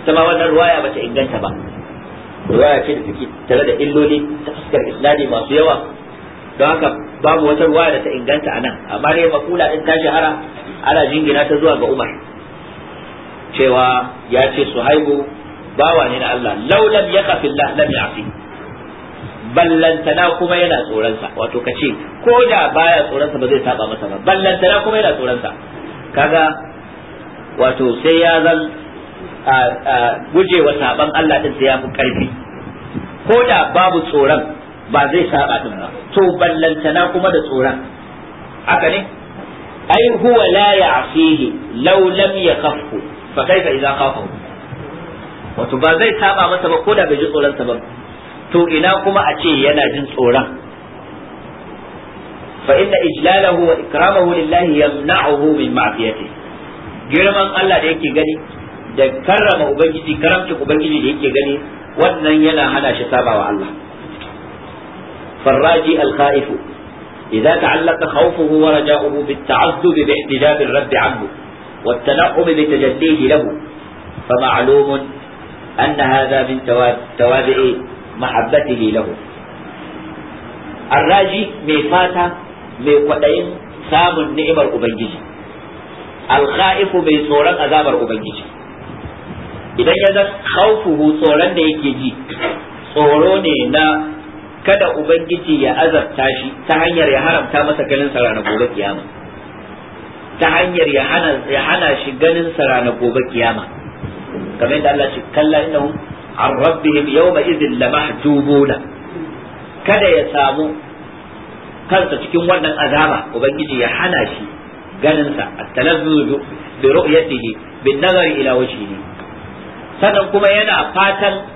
كما وانا رواية بس انجلتها بقى رواية كده في كده تلدى اللولي تفسكر اسلالي ما سيوا don haka babu wata ruwa da ta inganta a nan amma dai makula din ta shahara ana jingina ta zuwa ga Umar cewa ya ce haihu bawa ne na Allah laulam ya kafin lam fi ballantana kuma yana tsoronsa wato ka ce ko da baya tsoronsa ba zai saba masa ba ballantana kuma yana tsoronsa kaga wato sai ya zan guje wa saban Allah din sai ya fi karfi ko da babu tsoron ba zai saba din ba to ballantana kuma da tsoron haka ne ai huwa la ya'fihi law lam yakhafhu fa kaifa idza khafa wato ba zai saba masa ba koda bai ji tsoron sa ba to ina kuma a ce yana jin tsoron fa inna ijlalahu wa ikramahu lillahi yamna'uhu min ma'siyatihi girman Allah da yake gani da karrama ubangiji karamci ubangiji da yake gani wannan yana hana shi sabawa Allah فالراجي الخائف إذا تعلق خوفه ورجاؤه بالتعذب باحتجاب الرب عنه والتنعم بتجليه له فمعلوم أن هذا من توابع محبته له الراجي ميفاتا ميقدين سام النعمة الأبنجي الخائف ميصورا أذاب الأبنجي إذا يزد خوفه صورا يكيجي tsoro ne na kada ubangiji ya azabta shi ta hanyar ya haramta masa ganin sa ranar gobe kiyama ta hanyar ya hana ya hana shi ganin sa ranar gobe kiyama kamar da Allah ce kalla innahum an rabbihim yawma idhin lamahjubuna kada ya samu kansa cikin wannan azaba ubangiji ya hana shi ganin sa at-talazzuzu bi ru'yatihi bin nazari ila wajhihi sannan kuma yana fatan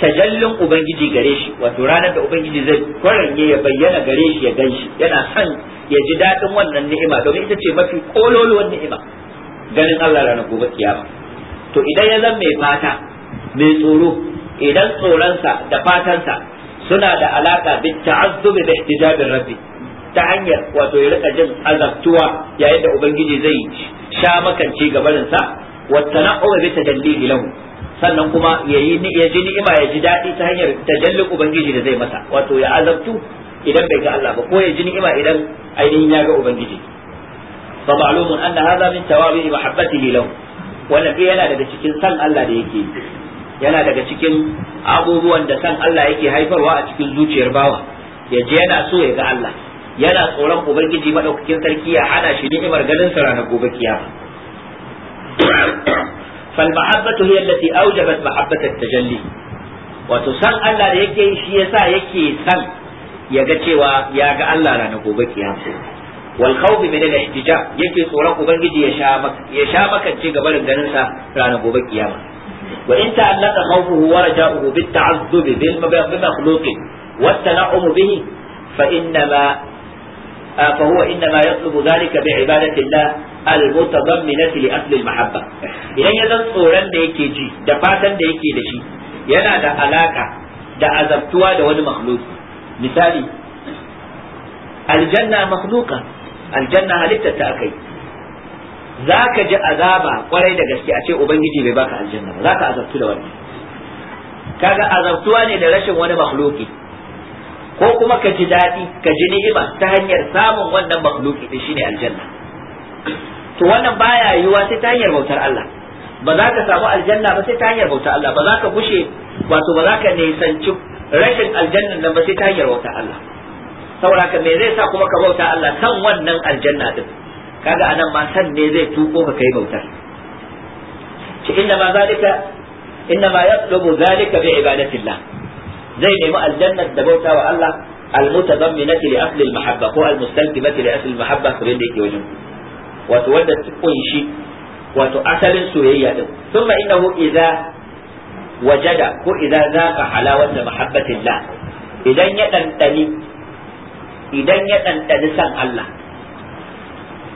tajallin ubangiji gare shi wato ranar da ubangiji zai kwaranye ya bayyana gare shi ya gan shi yana son ya ji daɗin wannan ni'ima domin ita ce mafi kololuwar ni'ima ganin Allah ranar gobe kiyama to idan ya zan mai fata mai tsoro idan tsoronsa da fatansa suna da alaka bi ta'azzubi da ihtijabin rabbi ta hanyar wato ya rika jin azabtuwa yayin da ubangiji zai sha gabanin sa wa tana'u bi tajalli lahu sannan kuma yayi ya ji ni'ima ya ji daɗi ta hanyar tajallin ubangiji da zai masa wato ya azabtu idan bai ga Allah ba ko ya ji ni'ima idan ainihin ya ga ubangiji fa ma'lumun anna hadha min tawabi li lahu wannan dai yana daga cikin san Allah da yake yana daga cikin abubuwan da san Allah yake haifarwa a cikin zuciyar bawa ya je yana so ya ga Allah yana tsoron ubangiji madaukakin sarki ya hana shi ni'imar ganin sa ranar gobe kiyama fal mahabbatu hiya allati awjabat mahabbat at-tajalli wato san Allah da yake shi yasa yake san Yaga cewa ya ga Allah ranar gobe kiyama wal khawfi min al ihtijab yake tsoron ubangiji ya sha maka ya sha maka ce gaban ganin sa ranar gobe kiyama wa in ta'allaqa khawfuhu wa raja'uhu bit ta'azzub bil makhluq wa tan'um bihi fa inna ma a فهو انما يطلب ذلك بعباده الله المتضمنه لاصل المحبه idan ya tsoron da yake ji da fatan da yake da shi yana da alaka da azabtuwa da wani makhluki misali aljanna makhluka aljanna halitta ta akai zaka ji azaba kwarai da gaske a ce ubangiji bai baka aljanna ba zaka azabtu da wani kaga azabtuwa ne da rashin wani makhluki ko kuma ka ji daɗi ka ji ni'ima ta hanyar samun wannan makhluki din shine aljanna to wannan baya yiwuwa sai ta hanyar bautar Allah ba za ka samu aljanna ba sai ta hanyar bautar Allah ba za ka gushe wato ba za ka nisanci rashin aljanna nan ba sai ta hanyar bautar Allah saboda ka me zai sa kuma ka bauta Allah san wannan aljanna din kaga anan ma san ne zai tuko ka kai bautar ci inna ma zalika inna ma yatlubu zalika bi ibadatillah zai nemi aljanna da bauta wa Allah almutazamminati li asli almahabba ko almustalzimati li asli almahabba kamar da yake wato wanda ta kunshi wato asalin soyayya din thumma innahu idza wajada ko idza zaqa halawata mahabbatillah idan ya dandani idan ya dandani san Allah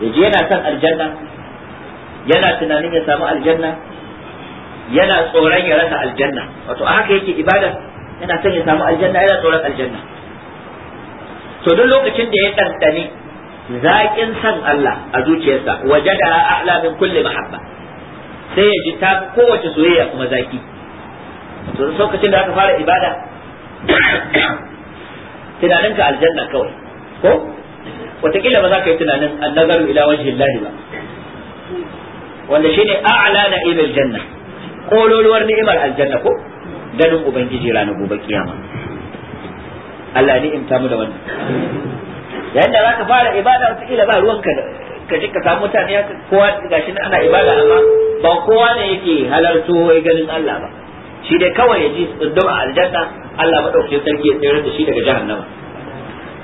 yaji yana aljanna yana tunanin ya samu aljanna yana tsoron ya rasa aljanna wato haka yake ibada yana son ya samu aljanna yana tsoron aljanna to duk lokacin da ya ɗanɗani zaƙin san Allah a zuciyarsa wajada a'la min kulli mahabba sai ya ji ta kowace soyayya kuma zaki to duk lokacin da aka fara ibada tunaninka aljanna kawai ko wataƙila ba za ka yi tunanin annazaru ila wajhillahi ba wanda shine a'la na'imil janna kololuwar ni'imar aljanna ko ganin ubangiji ranar gobe kiyama Allah ne imta mu da wannan yayin da zaka fara ibada wata kila ba ruwanka ka ka samu mutane kowa gashi ana ibada amma ba kowa ne yake halarto ya ganin Allah ba shi dai kawai ya ji tsundum a aljanna Allah dauke sarki ya tsere da shi daga jahannama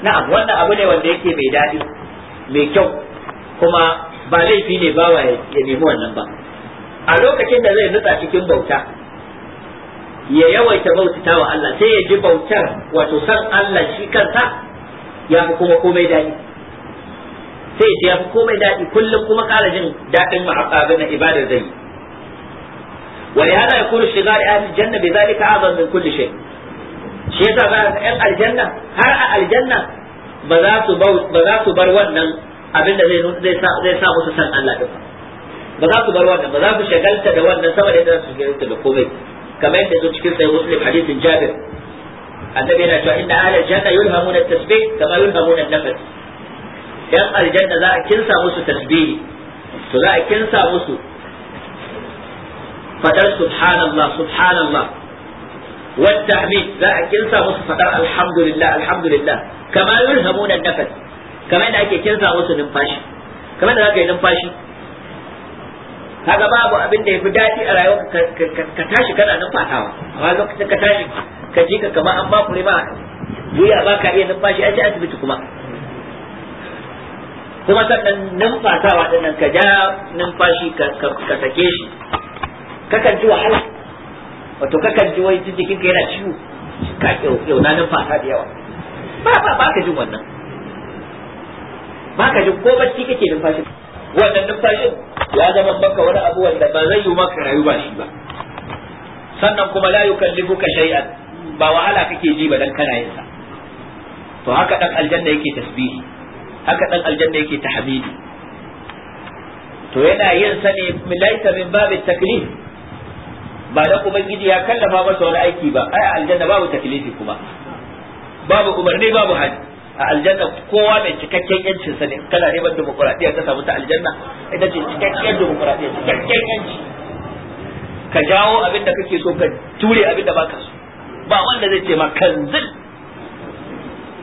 na'am wannan abu ne wanda yake mai daɗi mai kyau kuma ba laifi ne bawa ya nemi wannan ba a lokacin da zai nutsa cikin bauta ya yawaita bautata wa Allah sai ya ji bautar wato san Allah shi kansa ya fi kuma komai daɗi sai ya fi komai daɗi kullum kuma ƙara jin daɗin ma'ababin na ibadar zai wa ya hada yakunu shiga ahli janna bi zalika azam min kulli shay shi yasa ga ɗan aljanna har a aljanna ba za su ba za su bar wannan abin da zai zai sa musu san Allah din ba za su bar wannan ba za su shagalta da wannan saboda yadda za su shagalta da komai kamar yadda zo cikin sahih muslim hadisin jabir annabi yana cewa inna ahlal janna yulhamuna at-tasbih kama yulhamuna an-nafas dan aljanna za a kinsa musu tasbihi to za a musu fadar subhanallah subhanallah wa tahmid za a musu fadar alhamdulillah alhamdulillah kama yulhamuna an-nafas kamar yadda ake musu numfashi kamar numfashi kaga babu abin da yafi daɗi a rayuwa ka tashi kana numfasawa amma lokacin ka tashi ka ji ka kama an baku ne ba wuya ba ka iya numfashi a asibiti kuma kuma sannan numfasawa din nan ka ja numfashi ka sake shi kakan ji wahala wato kakan ji wai jikin ka yana ciwo ka yau na numfasa da yawa ba ba ba ka jin wannan ba ka jin ko bacci kake numfashi wannan numfashin ya zama maka wani abu wanda ba zai yi maka rayuwa shi ba sannan kuma la yukallifuka shay'an ba wahala kake ji ba dan kana yin sa to haka dan aljanna yake tasbihi haka dan aljanna yake tahmidi to yana yin sa ne milaita min babu taklif ba da ubangiji ya kallafa masa wani aiki ba ai aljanna babu taklifi kuma babu umarni babu hadi a aljanna kowa mai cikakken yancin sa ne kana neman demokradiyya ka samu ta aljanna ita ce cikakken demokradiyya cikakken yanci ka jawo abin da kake so ka ture abin da baka so ba wanda zai ce ma kanzil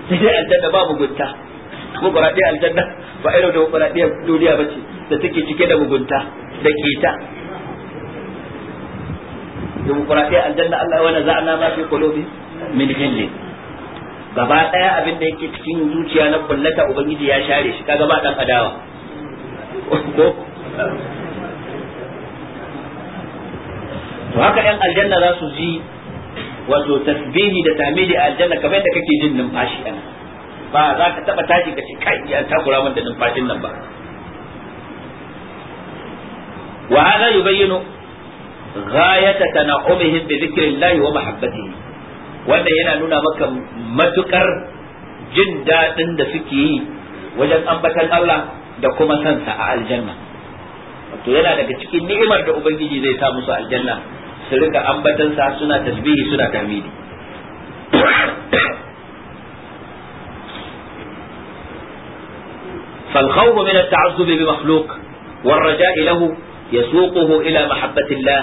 sai dai aljanna ba mugunta demokradiyya aljanna ba irin demokradiyya duniya bace da take cike da mugunta da kita demokradiyya aljanna Allah ya wana za'ana ma fi qulubi min ghillin gaba daya abin da yake cikin zuciya na kullata ubangiji ya share shi kaga ba dan adawa ko to haka yan aljanna za su ji wato tasbihi da tamidi a aljanna kamar da kake jin numfashi ɗan ba za ka taba tashi ka ce kai ya takura min da numfashin nan ba wa hada yubayyinu ghayata tana'umihim bi dhikrillahi wa mahabbatihi wannan yana nuna maka matukar jin daɗin da suke yi wajen ambatan Allah da kuma sansa a aljanna to yana daga cikin ni'imar da ubangiji zai sa musu aljanna su rika ambatan sa suna tasbihi suna tahmidi فالخوف من التعذب بمخلوق والرجاء له يسوقه إلى محبة الله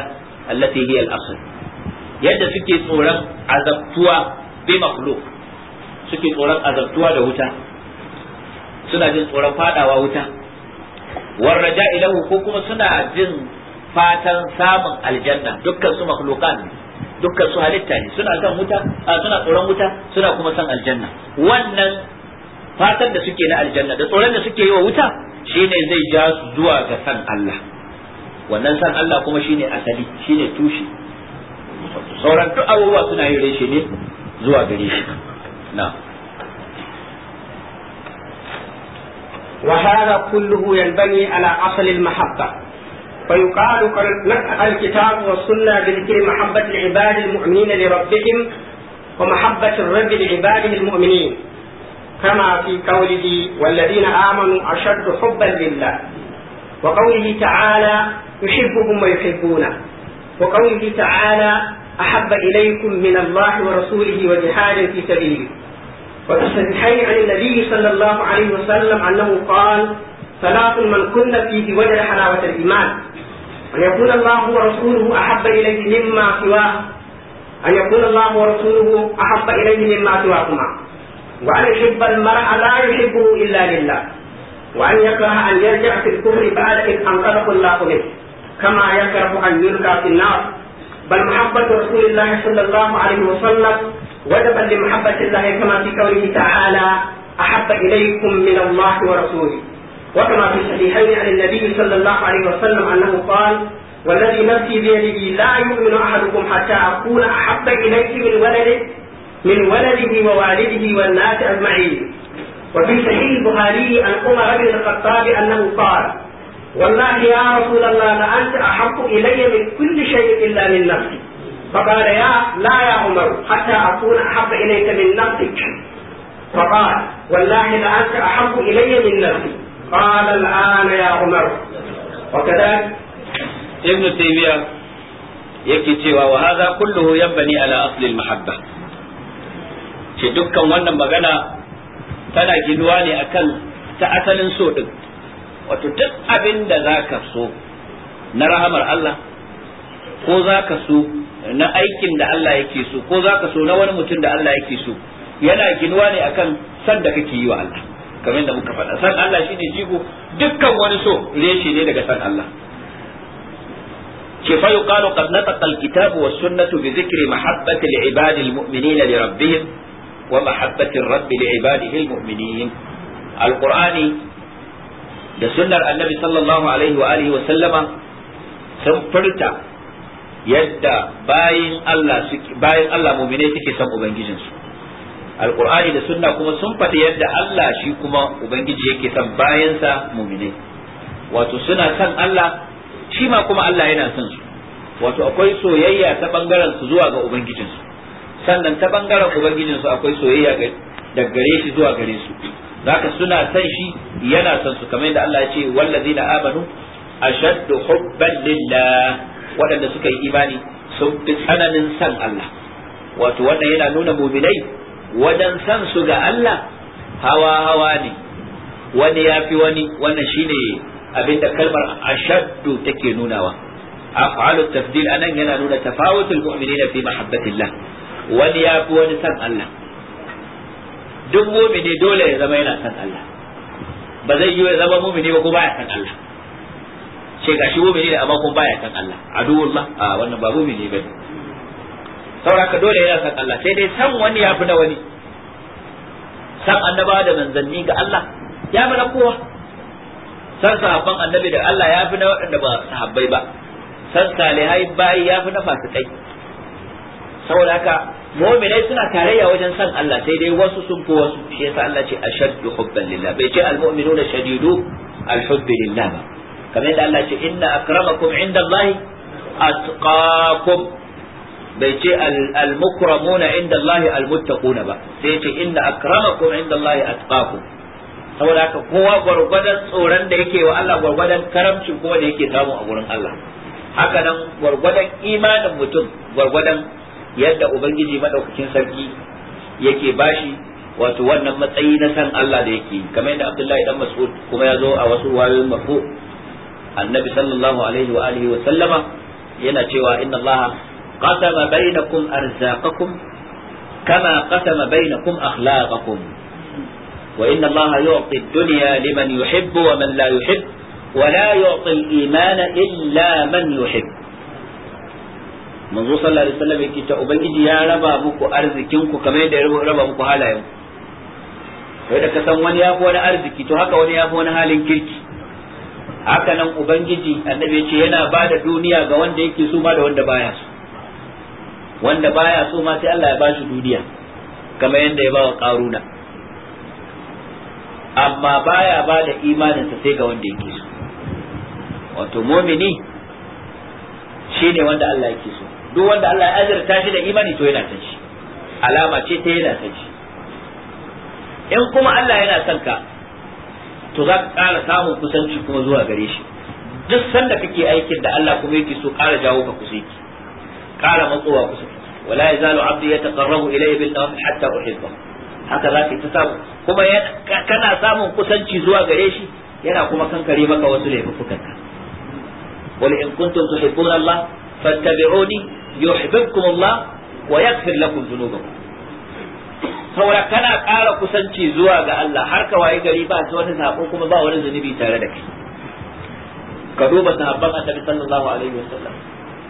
التي هي الأصل yadda suke tsoron azabtuwa bi makhluq suke tsoron azabtuwa da wuta suna jin tsoron fadawa wuta warraja ilahu ko kuma suna jin fatan samun aljanna dukkan su makhluqan dukkan su halitta ne suna son wuta suna tsoron wuta suna kuma son aljanna wannan fatan da suke na aljanna da tsoron da suke yi wa wuta shine zai ja su zuwa ga san Allah wannan san Allah kuma shine asali shine tushe sauran duk abubuwa suna yin reshe ne zuwa gare na wa hada kulluhu yalbani ala asli almahabba fa yuqalu nak alkitab wa sunnah bi dhikri mahabbati ibadi almu'minin li rabbihim wa mahabbati ar-rajul li ibadi almu'minin كما في قوله والذين آمنوا أشد حبا لله وقوله تعالى يحبهم ويحبونه وقوله أحب إليكم من الله ورسوله وجهاد في سبيله وفي الصحيحين عن النبي صلى الله عليه وسلم أنه قال ثلاث من كن فيه وجد حلاوة الإيمان أن يكون الله ورسوله أحب إليه مما سواه أن يكون الله ورسوله أحب إليه مما سواهما وأن يحب المرء لا يحبه إلا لله وأن يكره أن يرجع في الكفر بعد إذ أنقذه الله منه كما يكره أن يلقى في النار بل محبة رسول الله صلى الله عليه وسلم وجبا لمحبة الله كما في قوله تعالى أحب إليكم من الله ورسوله وكما في الصحيحين عن النبي صلى الله عليه وسلم أنه قال والذي نفسي بيده لا يؤمن أحدكم حتى أكون أحب إليك من ولده من ولده ووالده والناس أجمعين وفي صحيح البخاري عن عمر بن الخطاب أنه قال والله يا رسول الله لأنت أحب إلي من كل شيء إلا من نفسي فقال يا لا يا عمر حتى أكون أحب إليك من نفسك فقال والله لأنت أحب إلي من نفسي قال الآن يا عمر وكذلك ابن تيمية yake cewa wa hadha kulluhu yanbani ala asli al-mahabba ce dukkan wannan magana tana ginuwa ne akan ta asalin so din wato duk abin da zaka so na rahamar Allah ko za ka so na aikin da Allah yake so ko za ka so na wani mutum da Allah yake so yana ginuwa ne akan san da kake yi wa Allah kamar yadda muka faɗa san Allah shi ne jigo dukkan wani so reshe ne daga san Allah ce fa yuqalu qad nataqa al-kitabu was-sunnatu bi zikiri mahabbati al-ibadi al-mu'minina li rabbihim wa mahabbati rabbi rabb li al-mu'minin al-qur'ani da sunnar annabi sallallahu alaihi wa alihi wa sallama sun furta yadda bayin Allah bayin Allah mu'mine suke son ubangijinsu alqur'ani da sunna kuma sun faɗi yadda Allah shi kuma ubangiji yake son bayansa mu'mine wato suna son Allah shi ma kuma Allah yana son su wato akwai soyayya ta bangaren su zuwa ga ubangijinsu sannan ta bangaren ubangijinsu akwai soyayya daga gare shi zuwa gare su zaka suna son shi yana son su kamar yadda Allah ya ce wallazina amanu ashaddu hubban lillah waɗanda suka yi imani sun fi tsananin san Allah wato wannan yana nuna muminai wajen san su ga Allah hawa hawa ne wani ya fi wani wannan shine abinda kalmar ashaddu take nunawa af'alu tafdil anan yana nuna tafawutul mu'minina fi mahabbatillah wani ya fi wani san Allah duk mumini dole ya zama yana san Allah ba zai yi ya zama mumini ba ko baya san Allah ce ga shi mu'mini ne amma kun baya san Allah aduwullah a wannan ba mu'mini bane sauraka dole yana san Allah sai dai san wani ya fi na wani san annaba da manzanni ga Allah ya fi na kowa san sahabban annabi da Allah ya fi na waɗanda ba sahabbai ba san salihai bayi ya fi na fasikai saboda haka mu'minai suna tarayya wajen san Allah sai dai wasu sun fi wasu shi yasa Allah ce ashaddu hubban lillah bai ce almu'minuna shadidu alhubbi lillah ba kamar yadda Allah ce inna akramakum indallahi atqakum bai ce al-mukramuna indallahi al-muttaquna ba sai ce inna akramakum indallahi atqakum saboda haka kowa gwargwadon tsoron da yake wa Allah gwargwadon karamcin kuma da yake samu a gurin Allah haka nan gwargwadon imanin mutum gwargwadon yadda ubangiji madaukakin sarki yake bashi wato wannan matsayi na san Allah da yake kamar yadda Abdullahi dan Mas'ud kuma ya zo a wasu wayoyin marfu annabi sallallahu alaihi wa alihi wa sallama yana cewa inna Allah qasama bainakum arzaqakum kama qasama bainakum akhlaqakum wa inna Allah yu'ti ad-dunya liman yuhibbu wa man la yuhibbu wa la yu'ti al-iman illa man yuhibbu manzo sallallahu alaihi wasallam ubangiji ya raba muku arzikin ku kamar yadda ya raba muku halayen ku da ka san wani ya fi wani arziki to haka wani ya fi wani halin kirki haka nan ubangiji annabi ce yana ba da duniya ga wanda yake so ma da wanda baya so wanda baya so ma sai Allah ya ba shi duniya kamar yadda ya ba wa karuna amma baya ba da imaninsa sai ga wanda yake so wato mumini shine wanda Allah yake so duk wanda Allah ya azurta shi da imani to yana san shi alama ce ta yana san shi in kuma Allah yana son ka to za ka ƙara samun kusanci kuma zuwa gare shi duk sanda kake aikin da Allah kuma yake so ƙara jawo ka kusa ki ƙara matsowa kusa wala yazalu abdi yataqarrabu ilayya bil nawafil hatta uhibba haka za ka ta samu kuma kana samun kusanci zuwa gare shi yana kuma kankare maka wasu laifukanka wal in kuntum tuhibbuna Allah fattabi'uni yuhibbukum Allah wa yaghfir lakum dhunubakum saura kana ƙara kusanci zuwa ga Allah har ka wayi gari ba ta wata sako kuma ba wani zunubi tare da kai ka duba sahabban annabi sallallahu alaihi wasallam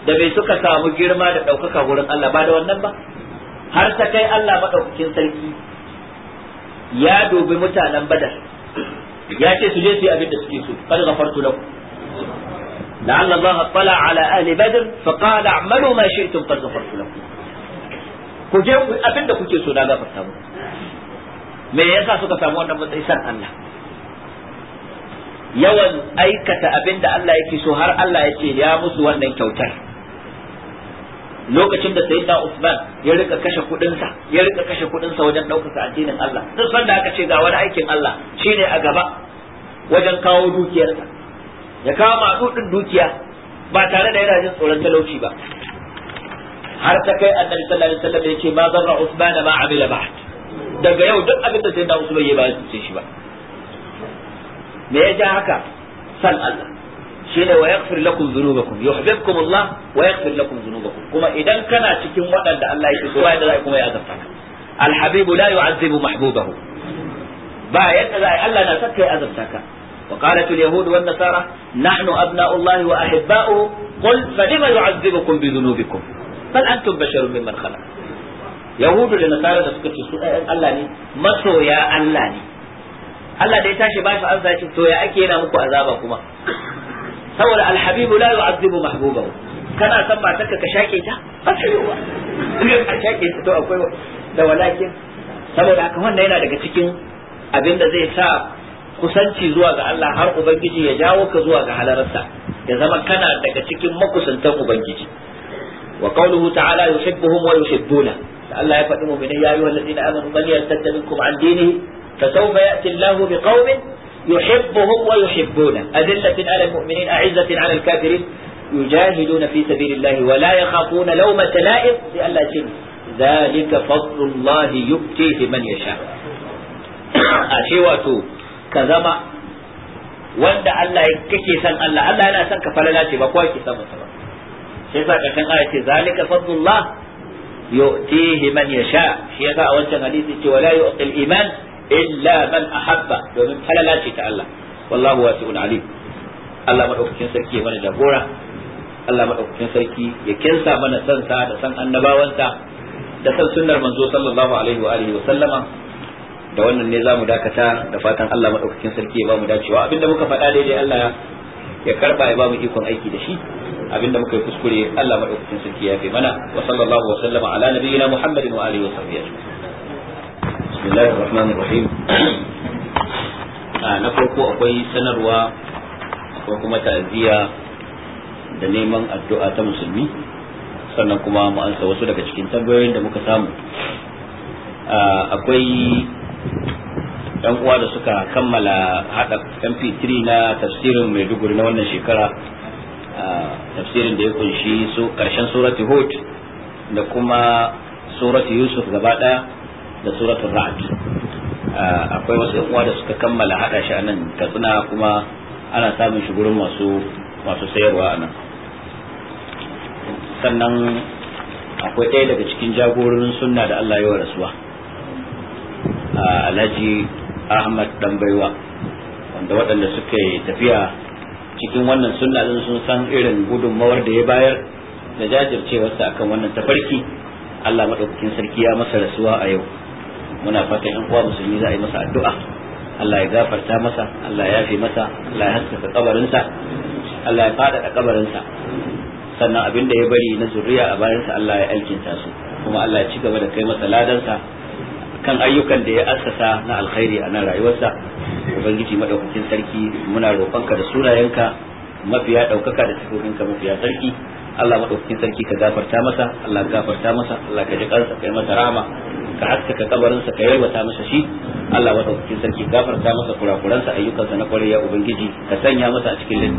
da bai suka samu girma da ɗaukaka wurin Allah ba da wannan ba har ta kai Allah maɗaukakin sarki ya dubi mutanen badar ya ce su je su yi abin da suke so kad ghafartu da la'alla Allah tala ala ahli badr fa qala a'malu ma shi'tum qad ghafartu lakum ku je ku abin da kuke so na gafarta me yasa suka samu wannan matsayi san Allah yawan aikata abin da Allah yake so har Allah yake ya musu wannan kyautar lokacin da da Usman ya rika kashe kudinsa ya rika kashe sa wajen ɗaukaka addinin Allah duk sanda aka ce ga wani aikin Allah shine a gaba wajen kawo dukiyarsa ya kawo maɗuɗin dukiya ba tare da yana jin tsoron talauci ba har ta kai annabi sallallahu alaihi wasallam yace ma zarra usman ma amila ba'd daga yau duk abin da sai da usman yayi ba sai shi ba me ya ja haka san Allah shine wa yaghfir lakum dhunubakum yuhibbukum Allah wa yaghfir lakum dhunubakum kuma idan kana cikin waɗanda Allah ya so ya da kuma ya azabta الحبيب لا يعذب محبوبه با الله لا سكي أذبتك وقالت اليهود والنصارى نحن أبناء الله وأحباؤه قل فلم يعذبكم بذنوبكم bal antum basharun mimman khalaq yahudu da nasara da suka ce su ɗayan Allah ne masoya Allah ne Allah da ya tashi ba shi azza ce to ya ake yana muku azaba kuma saboda alhabibu la yu'azzibu mahbubahu kana san matarka ka shake ta ba ta yiwa ka shake ta to akwai da walakin saboda haka wannan yana daga cikin abin da zai sa kusanci zuwa ga Allah har ubangiji ya jawo ka zuwa ga halarsa ya zama kana daga cikin makusantan ubangiji wa qawluhu ta'ala yuhibbuhum wa yuhibbuna Allah ya faɗi mu'minai ya ayyuhal ladina amanu man yartadda minkum an dinihi fa sawfa ya'ti Allahu bi qaumin yuhibbuhum wa yuhibbuna adillatin 'ala al-mu'minin a'izzatin 'ala al-kafirin يجاهدون في سبيل الله ولا يخافون لومة لائم لئلا يتم ذلك فضل الله يؤتيه من يشاء ashe wato ka zama wanda Allah kake san Allah Allah yana san ka falala ce ba kowa ke san sai sa karshen aya ce zalika fadlullah yu'tihi man yasha shi yasa a wancan hadisi ce wala yu'til iman illa man ahabba domin halala ce ta Allah wallahu wasi'un alim Allah madaukakin sarki ya mana jagora Allah madaukakin sarki ya kinsa mana san sa da san annabawansa da san sunnar manzo sallallahu alaihi wa alihi wa sallama da wannan ne zamu dakata da fatan Allah madaukakin sarki ya bamu dacewa abinda muka faɗa daidai Allah ya karba ya bamu ikon aiki da shi abinda muka yi kuskure Allah madaukakin sarki ya fi mana wa sallallahu wa sallama ala nabiyyina Muhammadin wa alihi wa sahbihi bismillahir rahmanir rahim ah, na farko akwai sanarwa akwai kuma ta'aziyya da neman addu'a ta musulmi sannan kuma mu ansa wasu daga cikin tambayoyin da muka samu ah, akwai yan uwa da suka kammala hada mp3 na tafsirin maiduguri na wannan shekara tafsirin da ya kunshi karshen surati hud da kuma surati yusuf gaba daya da suratul ra'd akwai wasu yan uwa da suka kammala hada shi anan katsina kuma ana samun shi gurin masu masu sayarwa anan sannan akwai ɗaya daga cikin jagororin sunna da Allah ya wa rasuwa Alhaji Ahmad Dambaiwa wanda waɗanda yi tafiya cikin wannan sunna din sun san irin gudunmawar da ya bayar da jajircewarsa akan wannan tafarki Allah madaukakin sarki ya masa rasuwa a yau muna fatan yan uwa musulmi za a yi masa addu'a Allah ya gafarta masa Allah ya yafe masa Allah ya haskaka kabarinsa Allah ya fada kabarinsa sannan abin da ya bari na zuriya a bayansa Allah ya alkinta su kuma Allah ya ci gaba da kai masa ladansa kan ayyukan da ya assasa na alkhairi a nan rayuwarsa ubangiji madaukakin sarki muna roƙonka da sunayenka mafiya ɗaukaka da sifofinka mafiya sarki Allah madaukakin sarki ka gafarta masa Allah ka gafarta masa Allah ka ji kansa kai masa rama ka haskaka kabarinsa ka yalwata masa shi Allah madaukakin sarki gafarta masa kurakuransa ayyukansa na kwarai ya ubangiji ka sanya masa a cikin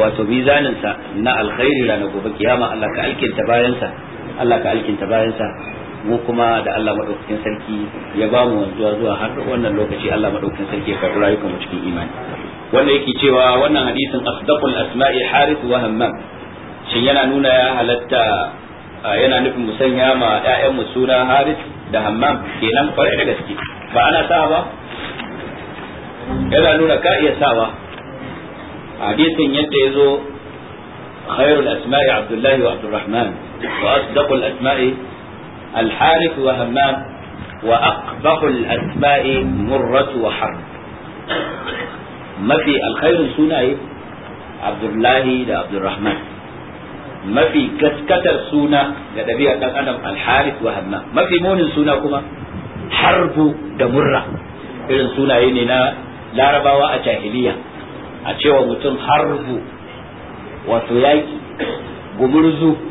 wato bizaninsa na alkhairi ranar gobe kiyama Allah ka alkinta bayansa Allah ka alkinta bayansa mu kuma da Allah madaukakin sarki ya ba mu wanzuwa zuwa har wannan lokaci Allah madaukakin sarki ya karɓi rayukan mu cikin imani wanda yake cewa wannan hadisin asdaqul asma'i harith wa hammam shin yana nuna ya halatta yana nufin mu sanya ma ƴaƴan mu suna harith da hammam kenan kwarai da gaske ba ana sa ba yana nuna ka iya sawa hadisin yadda ya zo khairul asma'i abdullahi wa abdurrahman wa asdaqul asma'i الحارث وهمام وأقبح الأسماء مرة وحرب ما في الخير سنة عبد الله دا عبد الرحمن ما في كتكتر سنة دا دبيع أدم الحارث وهمام ما في مون سنة كما حرب دا مرة إذن سنة إننا لا ربوا أجاهلية أتشوى متن حرب وثياكي gumurzu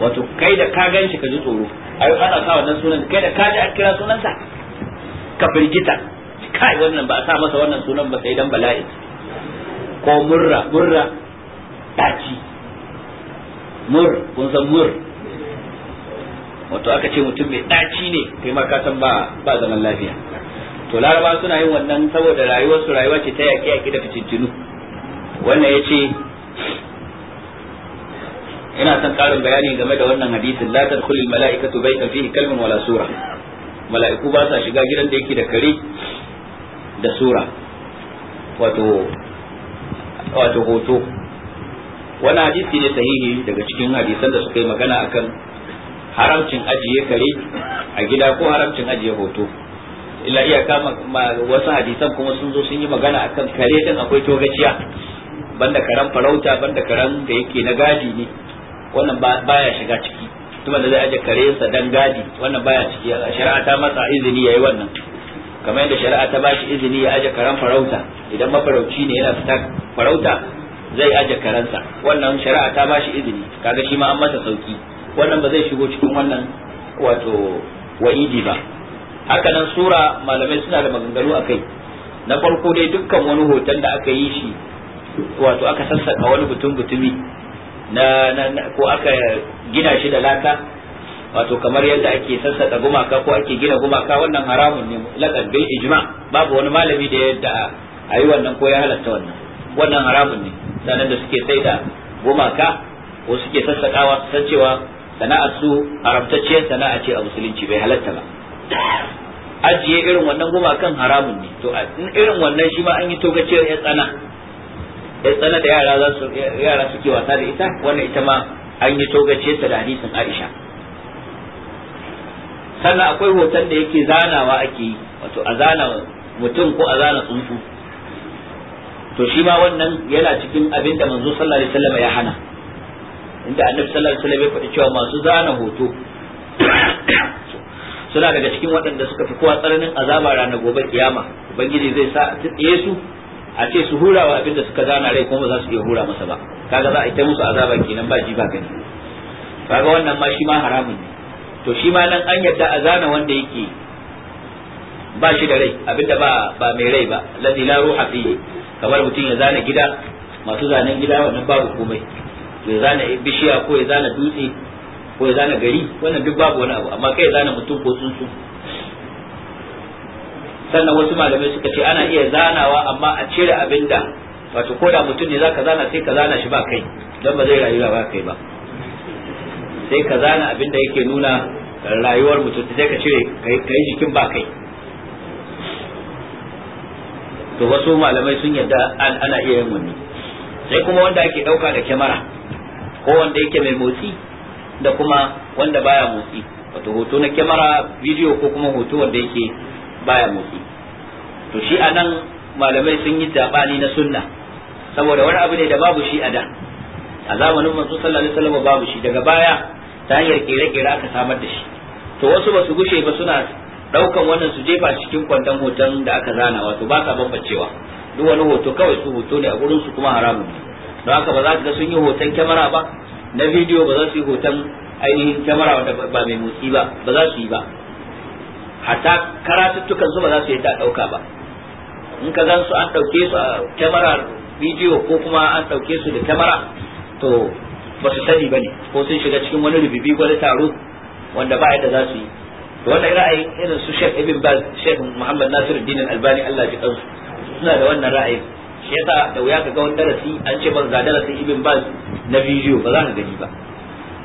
wato kai da ka shi ka ji tsoro Ayo ana sa wannan sunan kai da ka ji a kira sunansa ka firgita kai wannan ba a sa masa wannan sunan ba sai dan bala'i ko murra murra daci mur kun san mur wato aka ce mutum mai daci ne kai ma ka san ba ba zaman lafiya to laraba suna yin wannan saboda rayuwarsu rayuwa ce ta yaki yaki da fitintinu wannan yace ina son karin bayani game da wannan hadisin la tadkhulu al mala'ikatu bayta fihi kalmun wala sura mala'iku ba sa shiga gidan da yake da kare da sura wato wato hoto wani hadisi ne sahihi daga cikin hadisan da suka yi magana akan haramcin ajiye kare a gida ko haramcin ajiye hoto illa iyaka wasu hadisan kuma sun zo sun yi magana akan kare din akwai togaciya banda karan farauta banda karan da yake na gadi ne wannan baya shiga ciki tuma da zai aje kare sa dan gadi wannan baya ciki a shari'a ta matsa izini yayi wannan kamar yadda shari'a ta bashi izini ya aje karan farauta idan mafarauci ne yana fitar farauta zai aje karansa wannan shari'a ta bashi izini kaga shi ma an masa sauki wannan ba zai shigo cikin wannan wato wa'idi ba haka nan sura malamai suna da maganganu a kai na farko dai dukkan wani hoton da aka yi shi wato aka sassaka wani butun butumi na ko aka gina shi da laka wato kamar yadda ake sassaka gumaka ko ake gina gumaka wannan haramun ne mutlaqan bil ijma babu wani malami da yadda a yi wannan ko ya halatta wannan wannan haramun ne sanan da suke sai da gumaka ko suke sassakawa san cewa sana'ar su haramtacciyar sana'a ce a musulunci bai halatta ba ajiye irin wannan gumakan haramun ne to irin wannan shi ma an yi tokaciyar ya tsana ya tsana da yara za su yara suke wasa da ita wannan ita ma an yi togace ta da hadisin Aisha sannan akwai hoton da yake zanawa ake yi wato a zana mutum ko a zana tsuntsu to shi ma wannan yana cikin abin da manzo sallallahu alaihi wasallam ya hana inda annabi sallallahu alaihi wasallam ya faɗi cewa masu zana hoto suna daga cikin waɗanda suka fi kowa tsananin azaba ranar gobe kiyama ubangiji zai sa tsaye su a ce su hura wa abinda suka zana rai kuma ba za su iya hura masa ba kaga za a ita musu azaba kenan ba ji ba gani kaga wannan ma shi ma haramun ne to shi ma nan an yadda a zana wanda yake ba shi da rai abinda ba ba mai rai ba ladhi la ruha fihi kamar mutum ya zana gida masu zanen gida wannan babu komai ya zana bishiya ko ya zana dutse ko ya zana gari wannan duk babu wani abu amma kai ya zana mutum ko tsuntsu sannan wasu malamai suka ce ana iya zanawa amma a cire abin da wato ko da mutum ne zaka zana sai ka zana shi ba kai don ba zai rayu ba kai ba sai ka zana abin da yake nuna rayuwar mutum sai ka cire kai jikin ba kai to wasu malamai sun yadda ana iya yin wani sai kuma wanda ake dauka da kyamara ko wanda yake mai motsi da kuma wanda baya motsi wato hoto na kyamara bidiyo ko kuma hoto wanda yake baya motsi to shi anan malamai sun yi sabani na sunna saboda wani abu ne da babu shi a da a zamanin manzo sallallahu alaihi wasallam babu shi daga baya ta hanyar kere-kere aka samar da shi to wasu ba su gushe ba suna daukan wannan su jefa cikin kwandon hoton da aka zana wato ba ka bambancewa duk wani hoto kawai su hoto ne a gurin su kuma haramun ne don haka ba za ka ga sun yi hoton kyamara ba na bidiyo ba za su yi hoton ainihin kyamara wanda ba mai motsi ba ba za su yi ba Hata karatuttukan su ba za su yi ta ɗauka ba in ka zan su an ɗauke su a kyamara bidiyo ko kuma an ɗauke su da kyamara to ba su sani ba ne ko sun shiga cikin wani rububi wani taro wanda ba yadda za su yi to wannan ra'ayi irin su Sheikh Ibn Baz Sheikh Muhammad Nasiru Din Albani Allah ji kansu suna da wannan ra'ayi shi yasa da wuya ka ga wani darasi an ce ban za darasin Ibn Baz na bidiyo ba za ka gani ba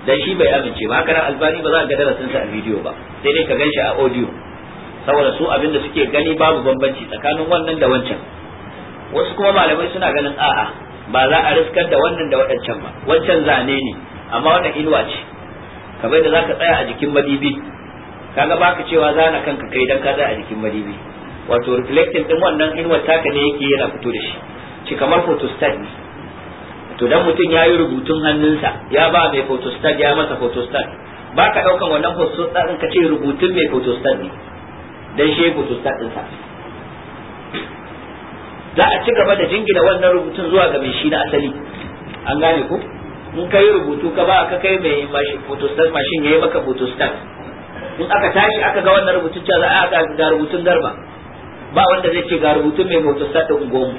dan shi bai amince ba haka nan Albani ba za ka ga darasin sa a bidiyo ba sai dai ka ganshi a audio saboda su abinda suke gani babu bambanci tsakanin wannan da wancan wasu kuma malamai suna ganin a'a ba za a riskar da wannan da waɗancan ba wancan zane ne amma wannan inuwa ce kamar da zaka tsaya a jikin madibi kaga baka cewa zana kanka kai dan ka tsaya a jikin madibi wato reflecting din wannan inuwar taka ne yake yana fito da shi ci kamar photostat ne to dan mutum ya yi rubutun hannunsa ya ba mai photostat ya masa photostat baka daukan wannan photostat din ka ce rubutun mai photostat ne dan shehu ustad ɗinsa za a ci gaba da jingina wannan rubutun zuwa ga mai shi na asali an gane ko in kai rubutu ka ba ka kai mai photostat mashin yayi maka photostat in aka tashi aka ga wannan rubutun cewa za a ga ga rubutun garba ba wanda zai ce ga rubutun mai photostat din gomu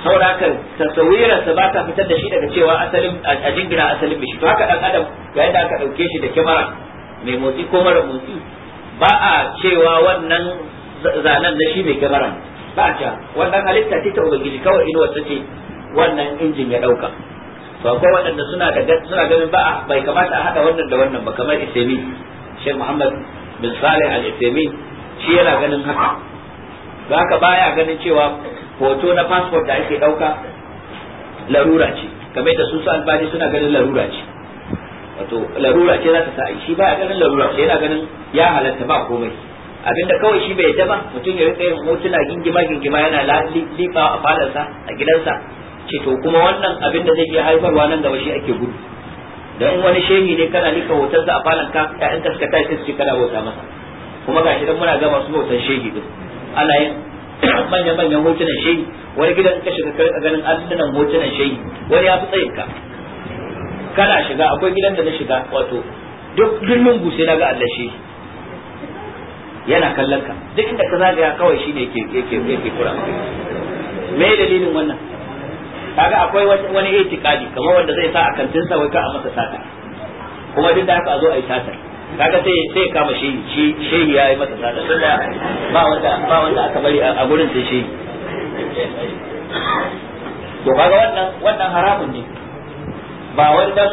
saboda haka tasawira sa ba ta fitar da shi daga cewa asalin a jingina asalin mai shi to haka dan adam ga yadda aka dauke shi da kyamara mai motsi ko mara motsi ba a cewa wannan zanen na shi mai gabaran, ba a cewa wannan halitta ce ta ubangiji kawai inuwar ta ce wannan injin ya ɗauka to akwai waɗanda suna da suna ganin ba bai kamata a haɗa wannan da wannan ba kamar isemi shi Muhammad bin Saleh Al Isemi shi yana ganin haka ba ka baya ganin cewa hoto na passport da ake ɗauka larura ce kamar da su su albani suna ganin larura ce wato larura ce za ta sa shi ba ya ganin larura ce yana ganin ya halatta ba komai abinda kawai shi bai yadda mutum ya rika yin hotuna gingima gingima yana lifa a fadarsa a gidansa ce to kuma wannan abin da zai iya haifarwa nan gaba shi ake gudu dan wani shehi ne kana lika hotarsa a ka ƴaƴan ka suka tashi su kana bauta masa kuma gashi dan muna gama su bautan shehi din ana yin manyan manyan hotunan shehi wani gidan ka shiga ganin addunan hotunan shehi wani ya fi tsayin kana shiga akwai gidan da na shiga wato duk birnin guse na ga Allah shi yana kallon ka duk inda ka zagaya kawai shine yake yake yake kura me dalilin wannan kaga akwai wani itikadi kamar wanda zai sa a kantinsa wai ka a masa sata kuma duk da haka a zo a yi satar kaga sai sai kama shehi shehi ya yi masa sata da ba wanda ba wanda aka bari a gurin sai shehi to kaga wannan wannan haramun ne ba wanda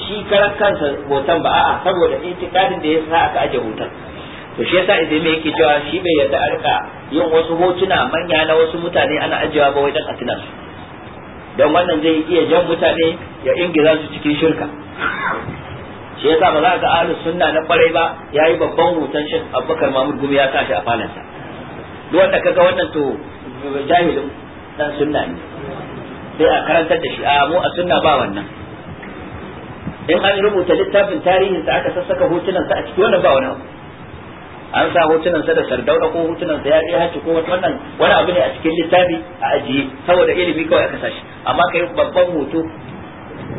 shi karan kansa hoton ba a'a saboda itikadin da ya sa aka aje hoton to shi yasa idan me yake cewa shi bai yarda a yin wasu hotuna manya na wasu mutane ana ajewa ba wai dan atina su dan wannan zai iya jan mutane ya ingiza su cikin shirka shi yasa ba za ga ahlus sunna na kwarai ba yayi babban hoton shi Abubakar Mahmud Gumi ya sa shi a falansa duk wanda kaga wannan to jahilin dan sunna ne sai a karantar da shi a mu a sunna ba wannan in an rubuta littafin tarihin sa aka sassaka hotunan sa a ciki wannan ba wani an sa hotunan sa da sardauna ko hotunan sa ya yi hacci ko wannan wani abu ne a cikin littafi a ajiye saboda ilimi kawai aka sashi amma kai babban hoto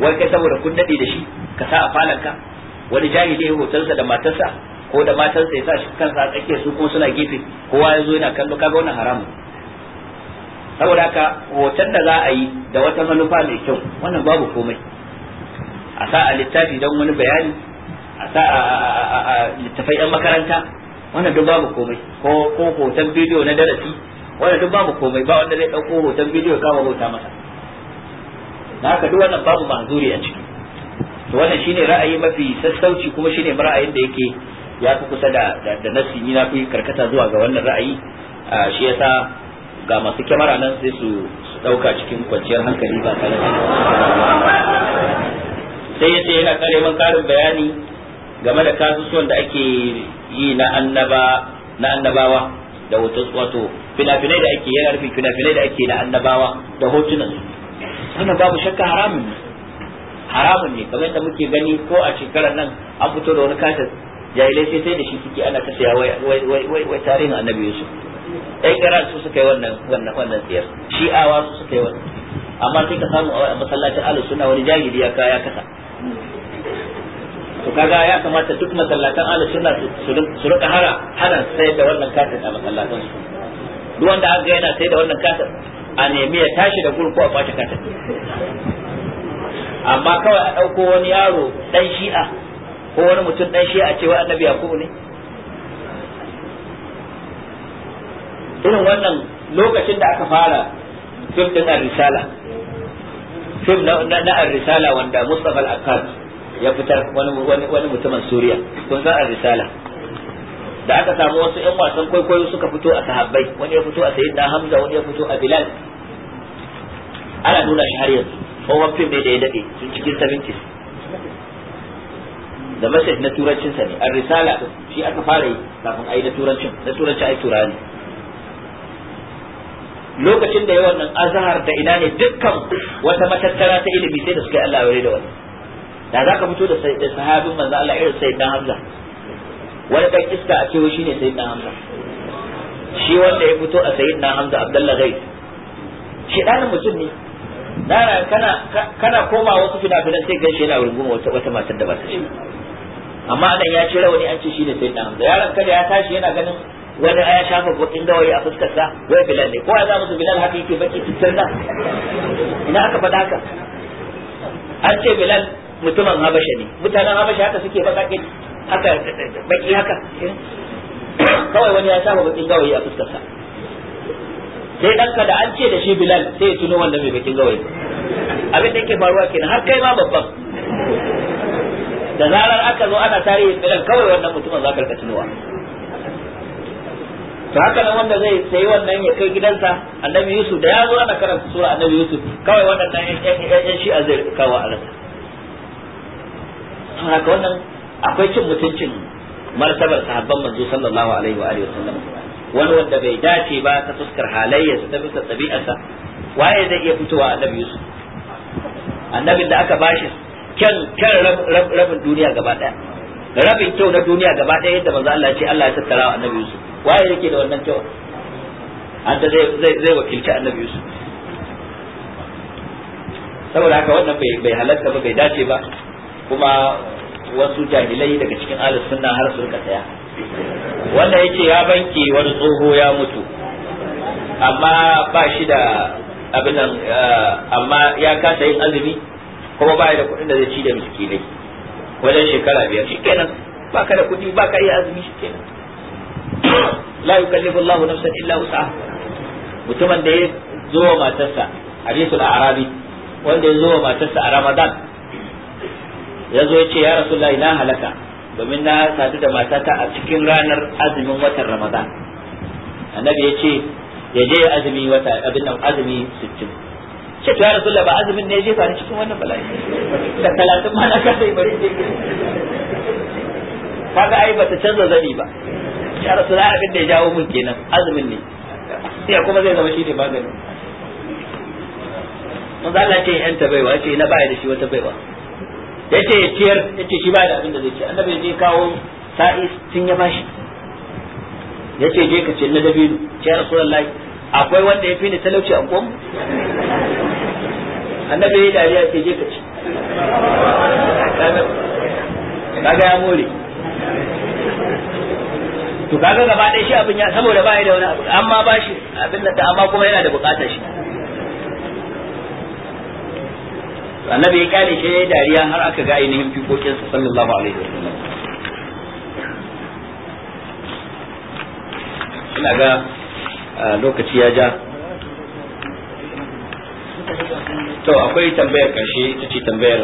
wai kai saboda kun dade da shi ka sa a falanka wani jahili ya hotonsa da matarsa ko da matarsa ya sa shi kansa a tsakiyar su ko suna gefe kowa ya zo yana kallo kaga wannan haramun saboda haka hoton da za a yi da wata manufa mai kyau wannan babu komai a sa a littafi don wani bayani a sa a littafai yan makaranta wannan duk babu komai ko hoton bidiyo na darasi wannan duk babu komai ba wanda zai dauko hoton bidiyo kama bauta masa na haka duk wannan babu manzuri a ciki to wannan shine ra'ayi mafi sassauci kuma shine ra'ayin da yake ya fi kusa da da nasi ni na fi karkata zuwa ga wannan ra'ayi shi yasa ga masu kyamara nan sai su dauka cikin kwanciyar hankali ba tare sai yace yana kare man karin bayani game da kasusuwan da ake yi na annaba na annabawa da wato fina-finai da ake yana rufin fina-finai da ake na annabawa da hotunan wannan babu shakka haramun ne haramun ne kamar yadda muke gani ko a shekarar nan an fito da wani kashin jahilai sai sai da shi suke ana ta saya wai tarihin annabi yusuf ɗan kiran su suka yi wannan wannan wannan tsiyar shi'awa su suka yi wannan amma sai ka samu a masallacin alu suna wani jahili ya kaya kasa to kaga ya kamata duk masallatan ala sunna su rika hara hana sai da wannan katin a masallatan su duk wanda an ga yana sai da wannan katin a nemi ya tashi da gurku a kwace katin amma kawai a ɗauko wani yaro ɗan shi'a ko wani mutum ɗan shi'a cewa annabi yakubu ne irin wannan lokacin da aka fara fim ɗin risala fim na na risala wanda Mustafa al ya fitar wani wani mutumin Suriya kun san a risala da aka samu wasu ƴan wasan kwaikwayo suka fito a sahabbai wani ya fito a sayyidina Hamza wani ya fito a Bilal ana nuna shi har yanzu tsohon fim ne da ya dade sun cikin 70 da masjid na turancin sa ne ar-risala shi aka fara yi kafin ayi na turancin na turancin ayi turani lokacin da yawan wannan azhar da ina ne dukkan wata matattara ta ilimi sai da suka yi Allah wari da wani da za ka fito da sahabin manzo Allah irin sai dan Hamza wani dan iska a cewa shine sai dan Hamza shi wanda ya fito a sayyidina Hamza Abdullah Zaid shi dan mutum ne dara kana kana koma wasu fina-finan sai gan yana runguma wata wata matar da ba ta shi amma anan ya ci rawani an ce shine sai dan Hamza yaron kada ya tashi yana ganin wani aya shafa bakin gawayi a fuskar sa wai bilal ne ko ya za musu bilal haka yake baki cikin nan ina aka faɗa haka an ce bilal mutumin habasha ne mutanen habasha haka suke bakaƙe haka baki haka kawai wani ya shafa bakin gawayi a fuskar sa sai ɗanka da an ce da shi bilal sai ya tuno wanda mai bakin gawayi abin da yake faruwa kenan har kai ma babban da zarar aka zo ana tarihin bilal kawai wannan mutumin za ka rika tunowa to haka nan wanda zai sayi wannan ya kai gidansa annabi yusuf da ya zo ana karanta sura annabi yusuf kawai waɗannan yan shi a zai kawo a rasa haka wannan akwai cin mutuncin martabar sahabban manzo sallallahu alaihi wa alihi wasallam wani wanda bai dace ba ta fuskar halayyarsa ta bisa tabi'arsa waye zai iya fitowa annabi yusuf annabin da aka bashi kyan kyan rabin duniya gaba ɗaya rabin kyau na duniya gaba ɗaya yadda manzo Allah ya ce Allah ya tattara wa annabi Yusuf waye yake da wannan kyau an da zai zai zai wakilci annabi Yusuf saboda haka wannan bai bai halatta ba bai dace ba kuma wasu jahilai daga cikin ahlus sunna har su rika tsaya wanda yake ya banke wani tsoho ya mutu amma ba shi da abin nan eh, amma ya kasa yin azumi kuma ba da kuɗin da zai ci da miskinai wajen shekara biyar shi ba baka da kuɗi baka iya azumi kenan la yukallifu Allahu nafsan illa wus'aha mutumin da ya zo wa matarsa hadisul arabi wanda ya zo wa matarsa a Ramadan ya zo ya ce ya Rasulullahi na halaka domin na sadu da matata a cikin ranar azumin watan Ramadan annabi ya ce ya je azumi wata abin nan azumi 60 ce to ya rasulullah ba azumin ne ya jefa ni cikin wannan bala'i da talatin ma na kasa yi bari je kaga ai bata canza zani ba ya rasulullah abin da ya jawo mun kenan azumin ne sai kuma zai zama shi ne magani manzo Allah ce yan ta tabaiwa ce na baya da shi wata baiwa yace ya ciyar yace shi ba da abin da zai ci annabi ya kawo sa'i tun ya bashi yace je ka ce na dabino ce rasulullahi akwai wanda ya fi ni talauci a gwamnati annabi ya dariya ke je ka ci kaga ya more to kaga gaba ɗaya shi abin ya saboda ba da wani abu amma ba shi abin da amma kuma yana da bukatar shi annabi ya kyale shi ya dariya har aka ga ainihin fikokinsa sallallahu alaihi wasallam ina ga lokaci ya ja to akwai tambayar karshe ita ce tambayar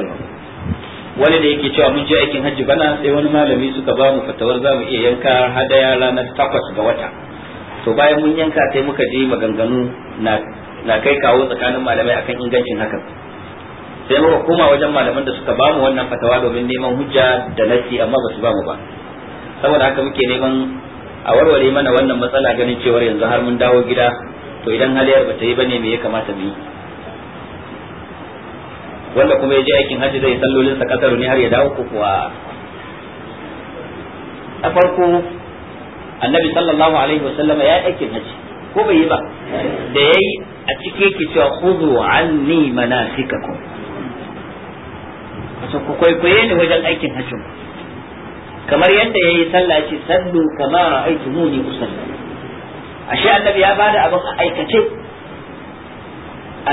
wani da yake cewa mun je aikin hajji bana sai wani malami suka ba mu fatawar za mu iya yanka hadaya ranar takwas ga wata to bayan mun yanka sai muka je maganganu na kai kawo tsakanin malamai akan ingancin hakan sai muka koma wajen malaman da suka ba mu wannan fatawa domin neman hujja da nasi amma ba su ba mu ba saboda haka muke neman a warware mana wannan matsala ganin cewar yanzu har mun dawo gida to idan haliyar ba ta yi ne me ya kamata mu yi wanda kuma ya je aikin hajji zai sallolin sa kasaru ne har ya dawo ko kuwa a farko annabi sallallahu alaihi wasallama ya aikin hajji ko bai yi ba da yayi a cikin ki cewa khudhu anni manasikakum kace ku kwaikwaye ni wajen aikin hajjin kamar yadda yayi sallah ce sallu kama ra'aytumuni usalli ashe annabi ya bada abin aikace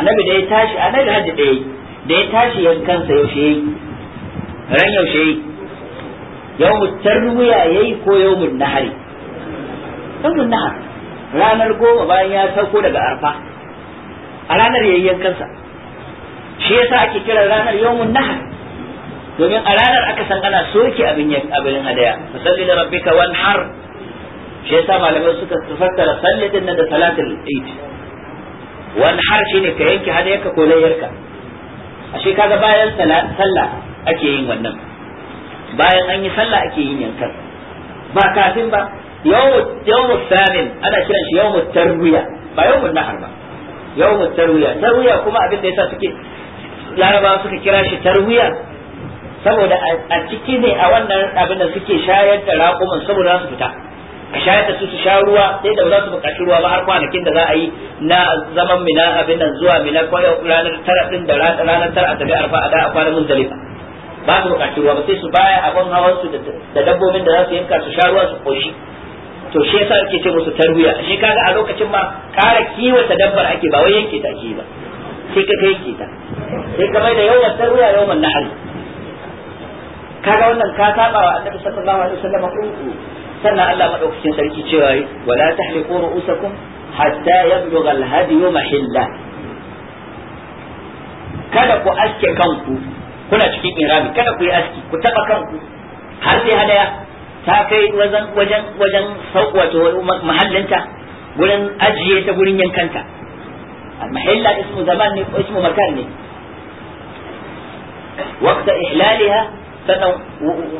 annabi da ya tashi annabi hajji da da ya tashi yankansa yaushe yi ran yaushe yi mutar yawmut ya yi ko yawmun nahari yawmun nahar ranar goma bayan ya sauko daga arfa a ranar ya yayi yankansa shi yasa ake kiran ranar yau mun nahar domin a ranar aka san ana soke abin abin hadaya musalli da rabbika har? shi yasa malamai suka fassara sallatin da salatul eid wanhar shine ka yanke hadayarka ko layyarka ashe kaga bayan sallah ake yin wannan bayan an yi sallah ake yin yankan ba kafin ba yawmu samin ana kiran shi yawmu tarwiya ba yawmu nahar ba yawmu tarwiya tarwiya kuma abin da yasa suke laraba suka kira shi tarwiya saboda a ciki ne a wannan abin da suke shayar da raƙuman saboda su fita ka shayar da su su sha ruwa sai da ba za su buƙaci ruwa ba har kwanakin da za a yi na zaman mina abin nan zuwa mina ranar tara din da ranar tara a tafi arfa a da a kwana muzdalifa ba su buƙaci ruwa ba sai su baya abin hawan su da dabbobin da za su yanka su sha ruwa su koshi to shi yasa ake ce musu tarwiya shi kaga a lokacin ma ƙara kiwata dabbar ake ba wai yanke ta ake ba sai ka yanke ta sai ka mai da yawan tarwiya yawan na'al kaga wannan ka saba wa annabi sallallahu alaihi wasallam sannan Allah madaukakin sarki cewa wala tahliqu ru'usakum hatta yablugha al-hadi mahilla kada ku aske kanku kuna cikin irami kada ku yi aski ku taba kanku har sai hadaya ta kai wajen wajen wajen wato mahallinta gurin ajiye ta gurin yankanta mahilla ismu zaman ne ko ismu makan ne waqta ihlaliha sannan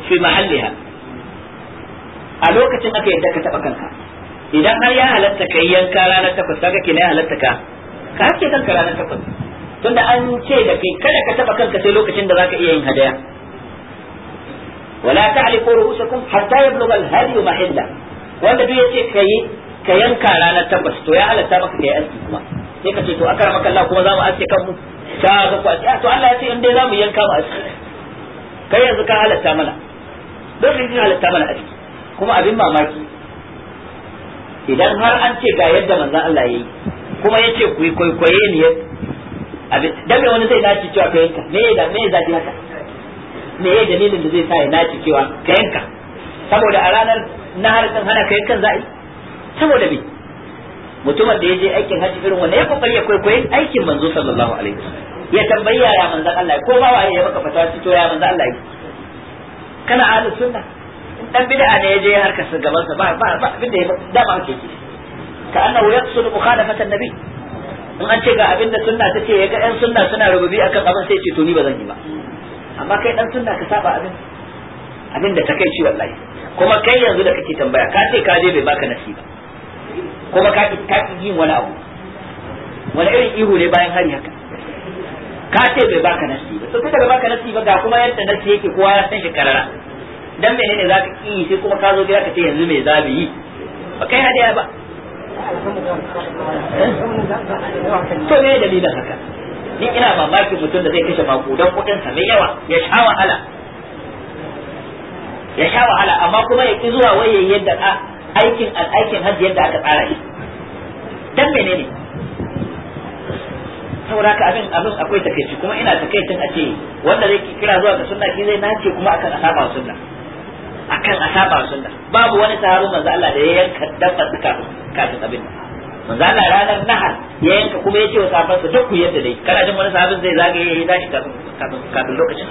fi mahalliha a lokacin aka yadda ka taba kanka idan har ya halatta kai yanka ranar takwas kaga ke ya halatta ka ka ce kanka ranar takwas tunda an ce da kai kada ka taba kanka sai lokacin da zaka iya yin hadaya wala ta'liqu ru'usakum hatta yablugha al-hadi mahalla wanda duk yace kai ka yanka ranar takwas to ya halatta maka kai aski kuma sai ka ce to akara maka Allah kuma za mu aske kanmu ta ga ku aski ah, to Allah ya ce in dai mu yanka mu aski kai yanzu ka halatta mana dole ne halatta mana aski kuma abin mamaki idan har an ce ga yadda manzan Allah ya yi, kuma ya ce kwaikwaye ni dan mai wani zai naci cewa ka yanka me ya me zaji haka me ya dalilin da zai sa ya naci cewa ka yanka saboda a ranar na harkar hana ka yankan za'i saboda me mutumin da ya je aikin hajji irin wannan ya kokari ya kwaikwaye aikin manzo sallallahu alaihi ya tambayi yaya manzan Allah ko ba wa ya maka fata to ya manzan Allah kana ahlus suna? dan bid'a ne yaje harkar su gaban sa ba ba abin ba da ba ke ci ka annahu yaqsudu mukhalafatan nabi in an ce ga abinda da sunna tace yaga ɗan sunna suna rububi akan abin sai ce to ni ba zan yi ba amma kai ɗan sunna ka saba abin abin da kai ci wallahi kuma kai yanzu da kake tambaya ka ce ka je bai baka nasiba kuma ka ka yin wani abu wani irin ihu ne bayan hari haka ka ce bai baka nasiba to tunda bai baka nasiba ga kuma yadda nasi yake kowa ya san shi karara dan menene zaka ki sai kuma ka zo gida ka ce yanzu me zabi yi ba kai hadiya ba to me dalilin haka ni ina mamakin mutum da zai kashe makudan kudin sa mai yawa ya sha wahala ya sha wahala amma kuma ya ki zuwa waye yadda ka aikin aikin hajji yadda aka tsara shi dan menene saboda haka abin abin akwai takaici kuma ina takaicin a ce wanda zai kira zuwa ga sunna shi zai nace kuma akan asaba sunna akan a saba sunna babu wani taro manzo Allah da ya yanka dabba suka kafin abin manzo Allah ranar nahar ya yanka kuma ya ce wa su duk yadda dai kana jin wani sahabin zai zage ya tashi kafin kafin lokacin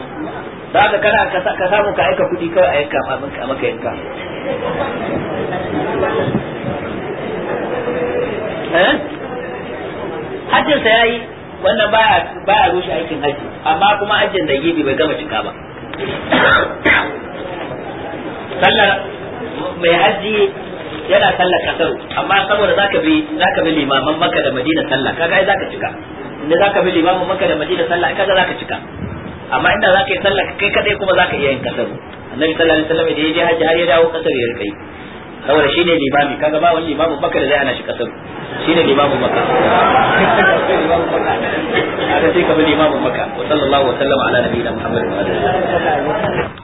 da kana ka samu ka aika kuɗi kai a yanka a maka yanka eh? hajjin ya yi wannan baya rushe aikin hajji amma kuma hajjin da gibi bai gama cika ba sallar mai haji yana sallar kasar amma saboda zaka bi zaka bi limaman maka da madina sallah kaga ai zaka cika inda zaka bi limaman maka da madina sallah kaga zaka cika amma inda zaka yi sallar kai kadai kuma zaka iya yin kasar annabi sallallahu alaihi wasallam idan ya je haji har ya dawo kasar ya rikai yi saboda shi ne limami kaga ba wani limamin maka da zai ana shi kasar shi ne limamin maka. kaga sai ka bi limamin maka wa sallallahu wa sallama ala nabiyina muhammadin wa alihi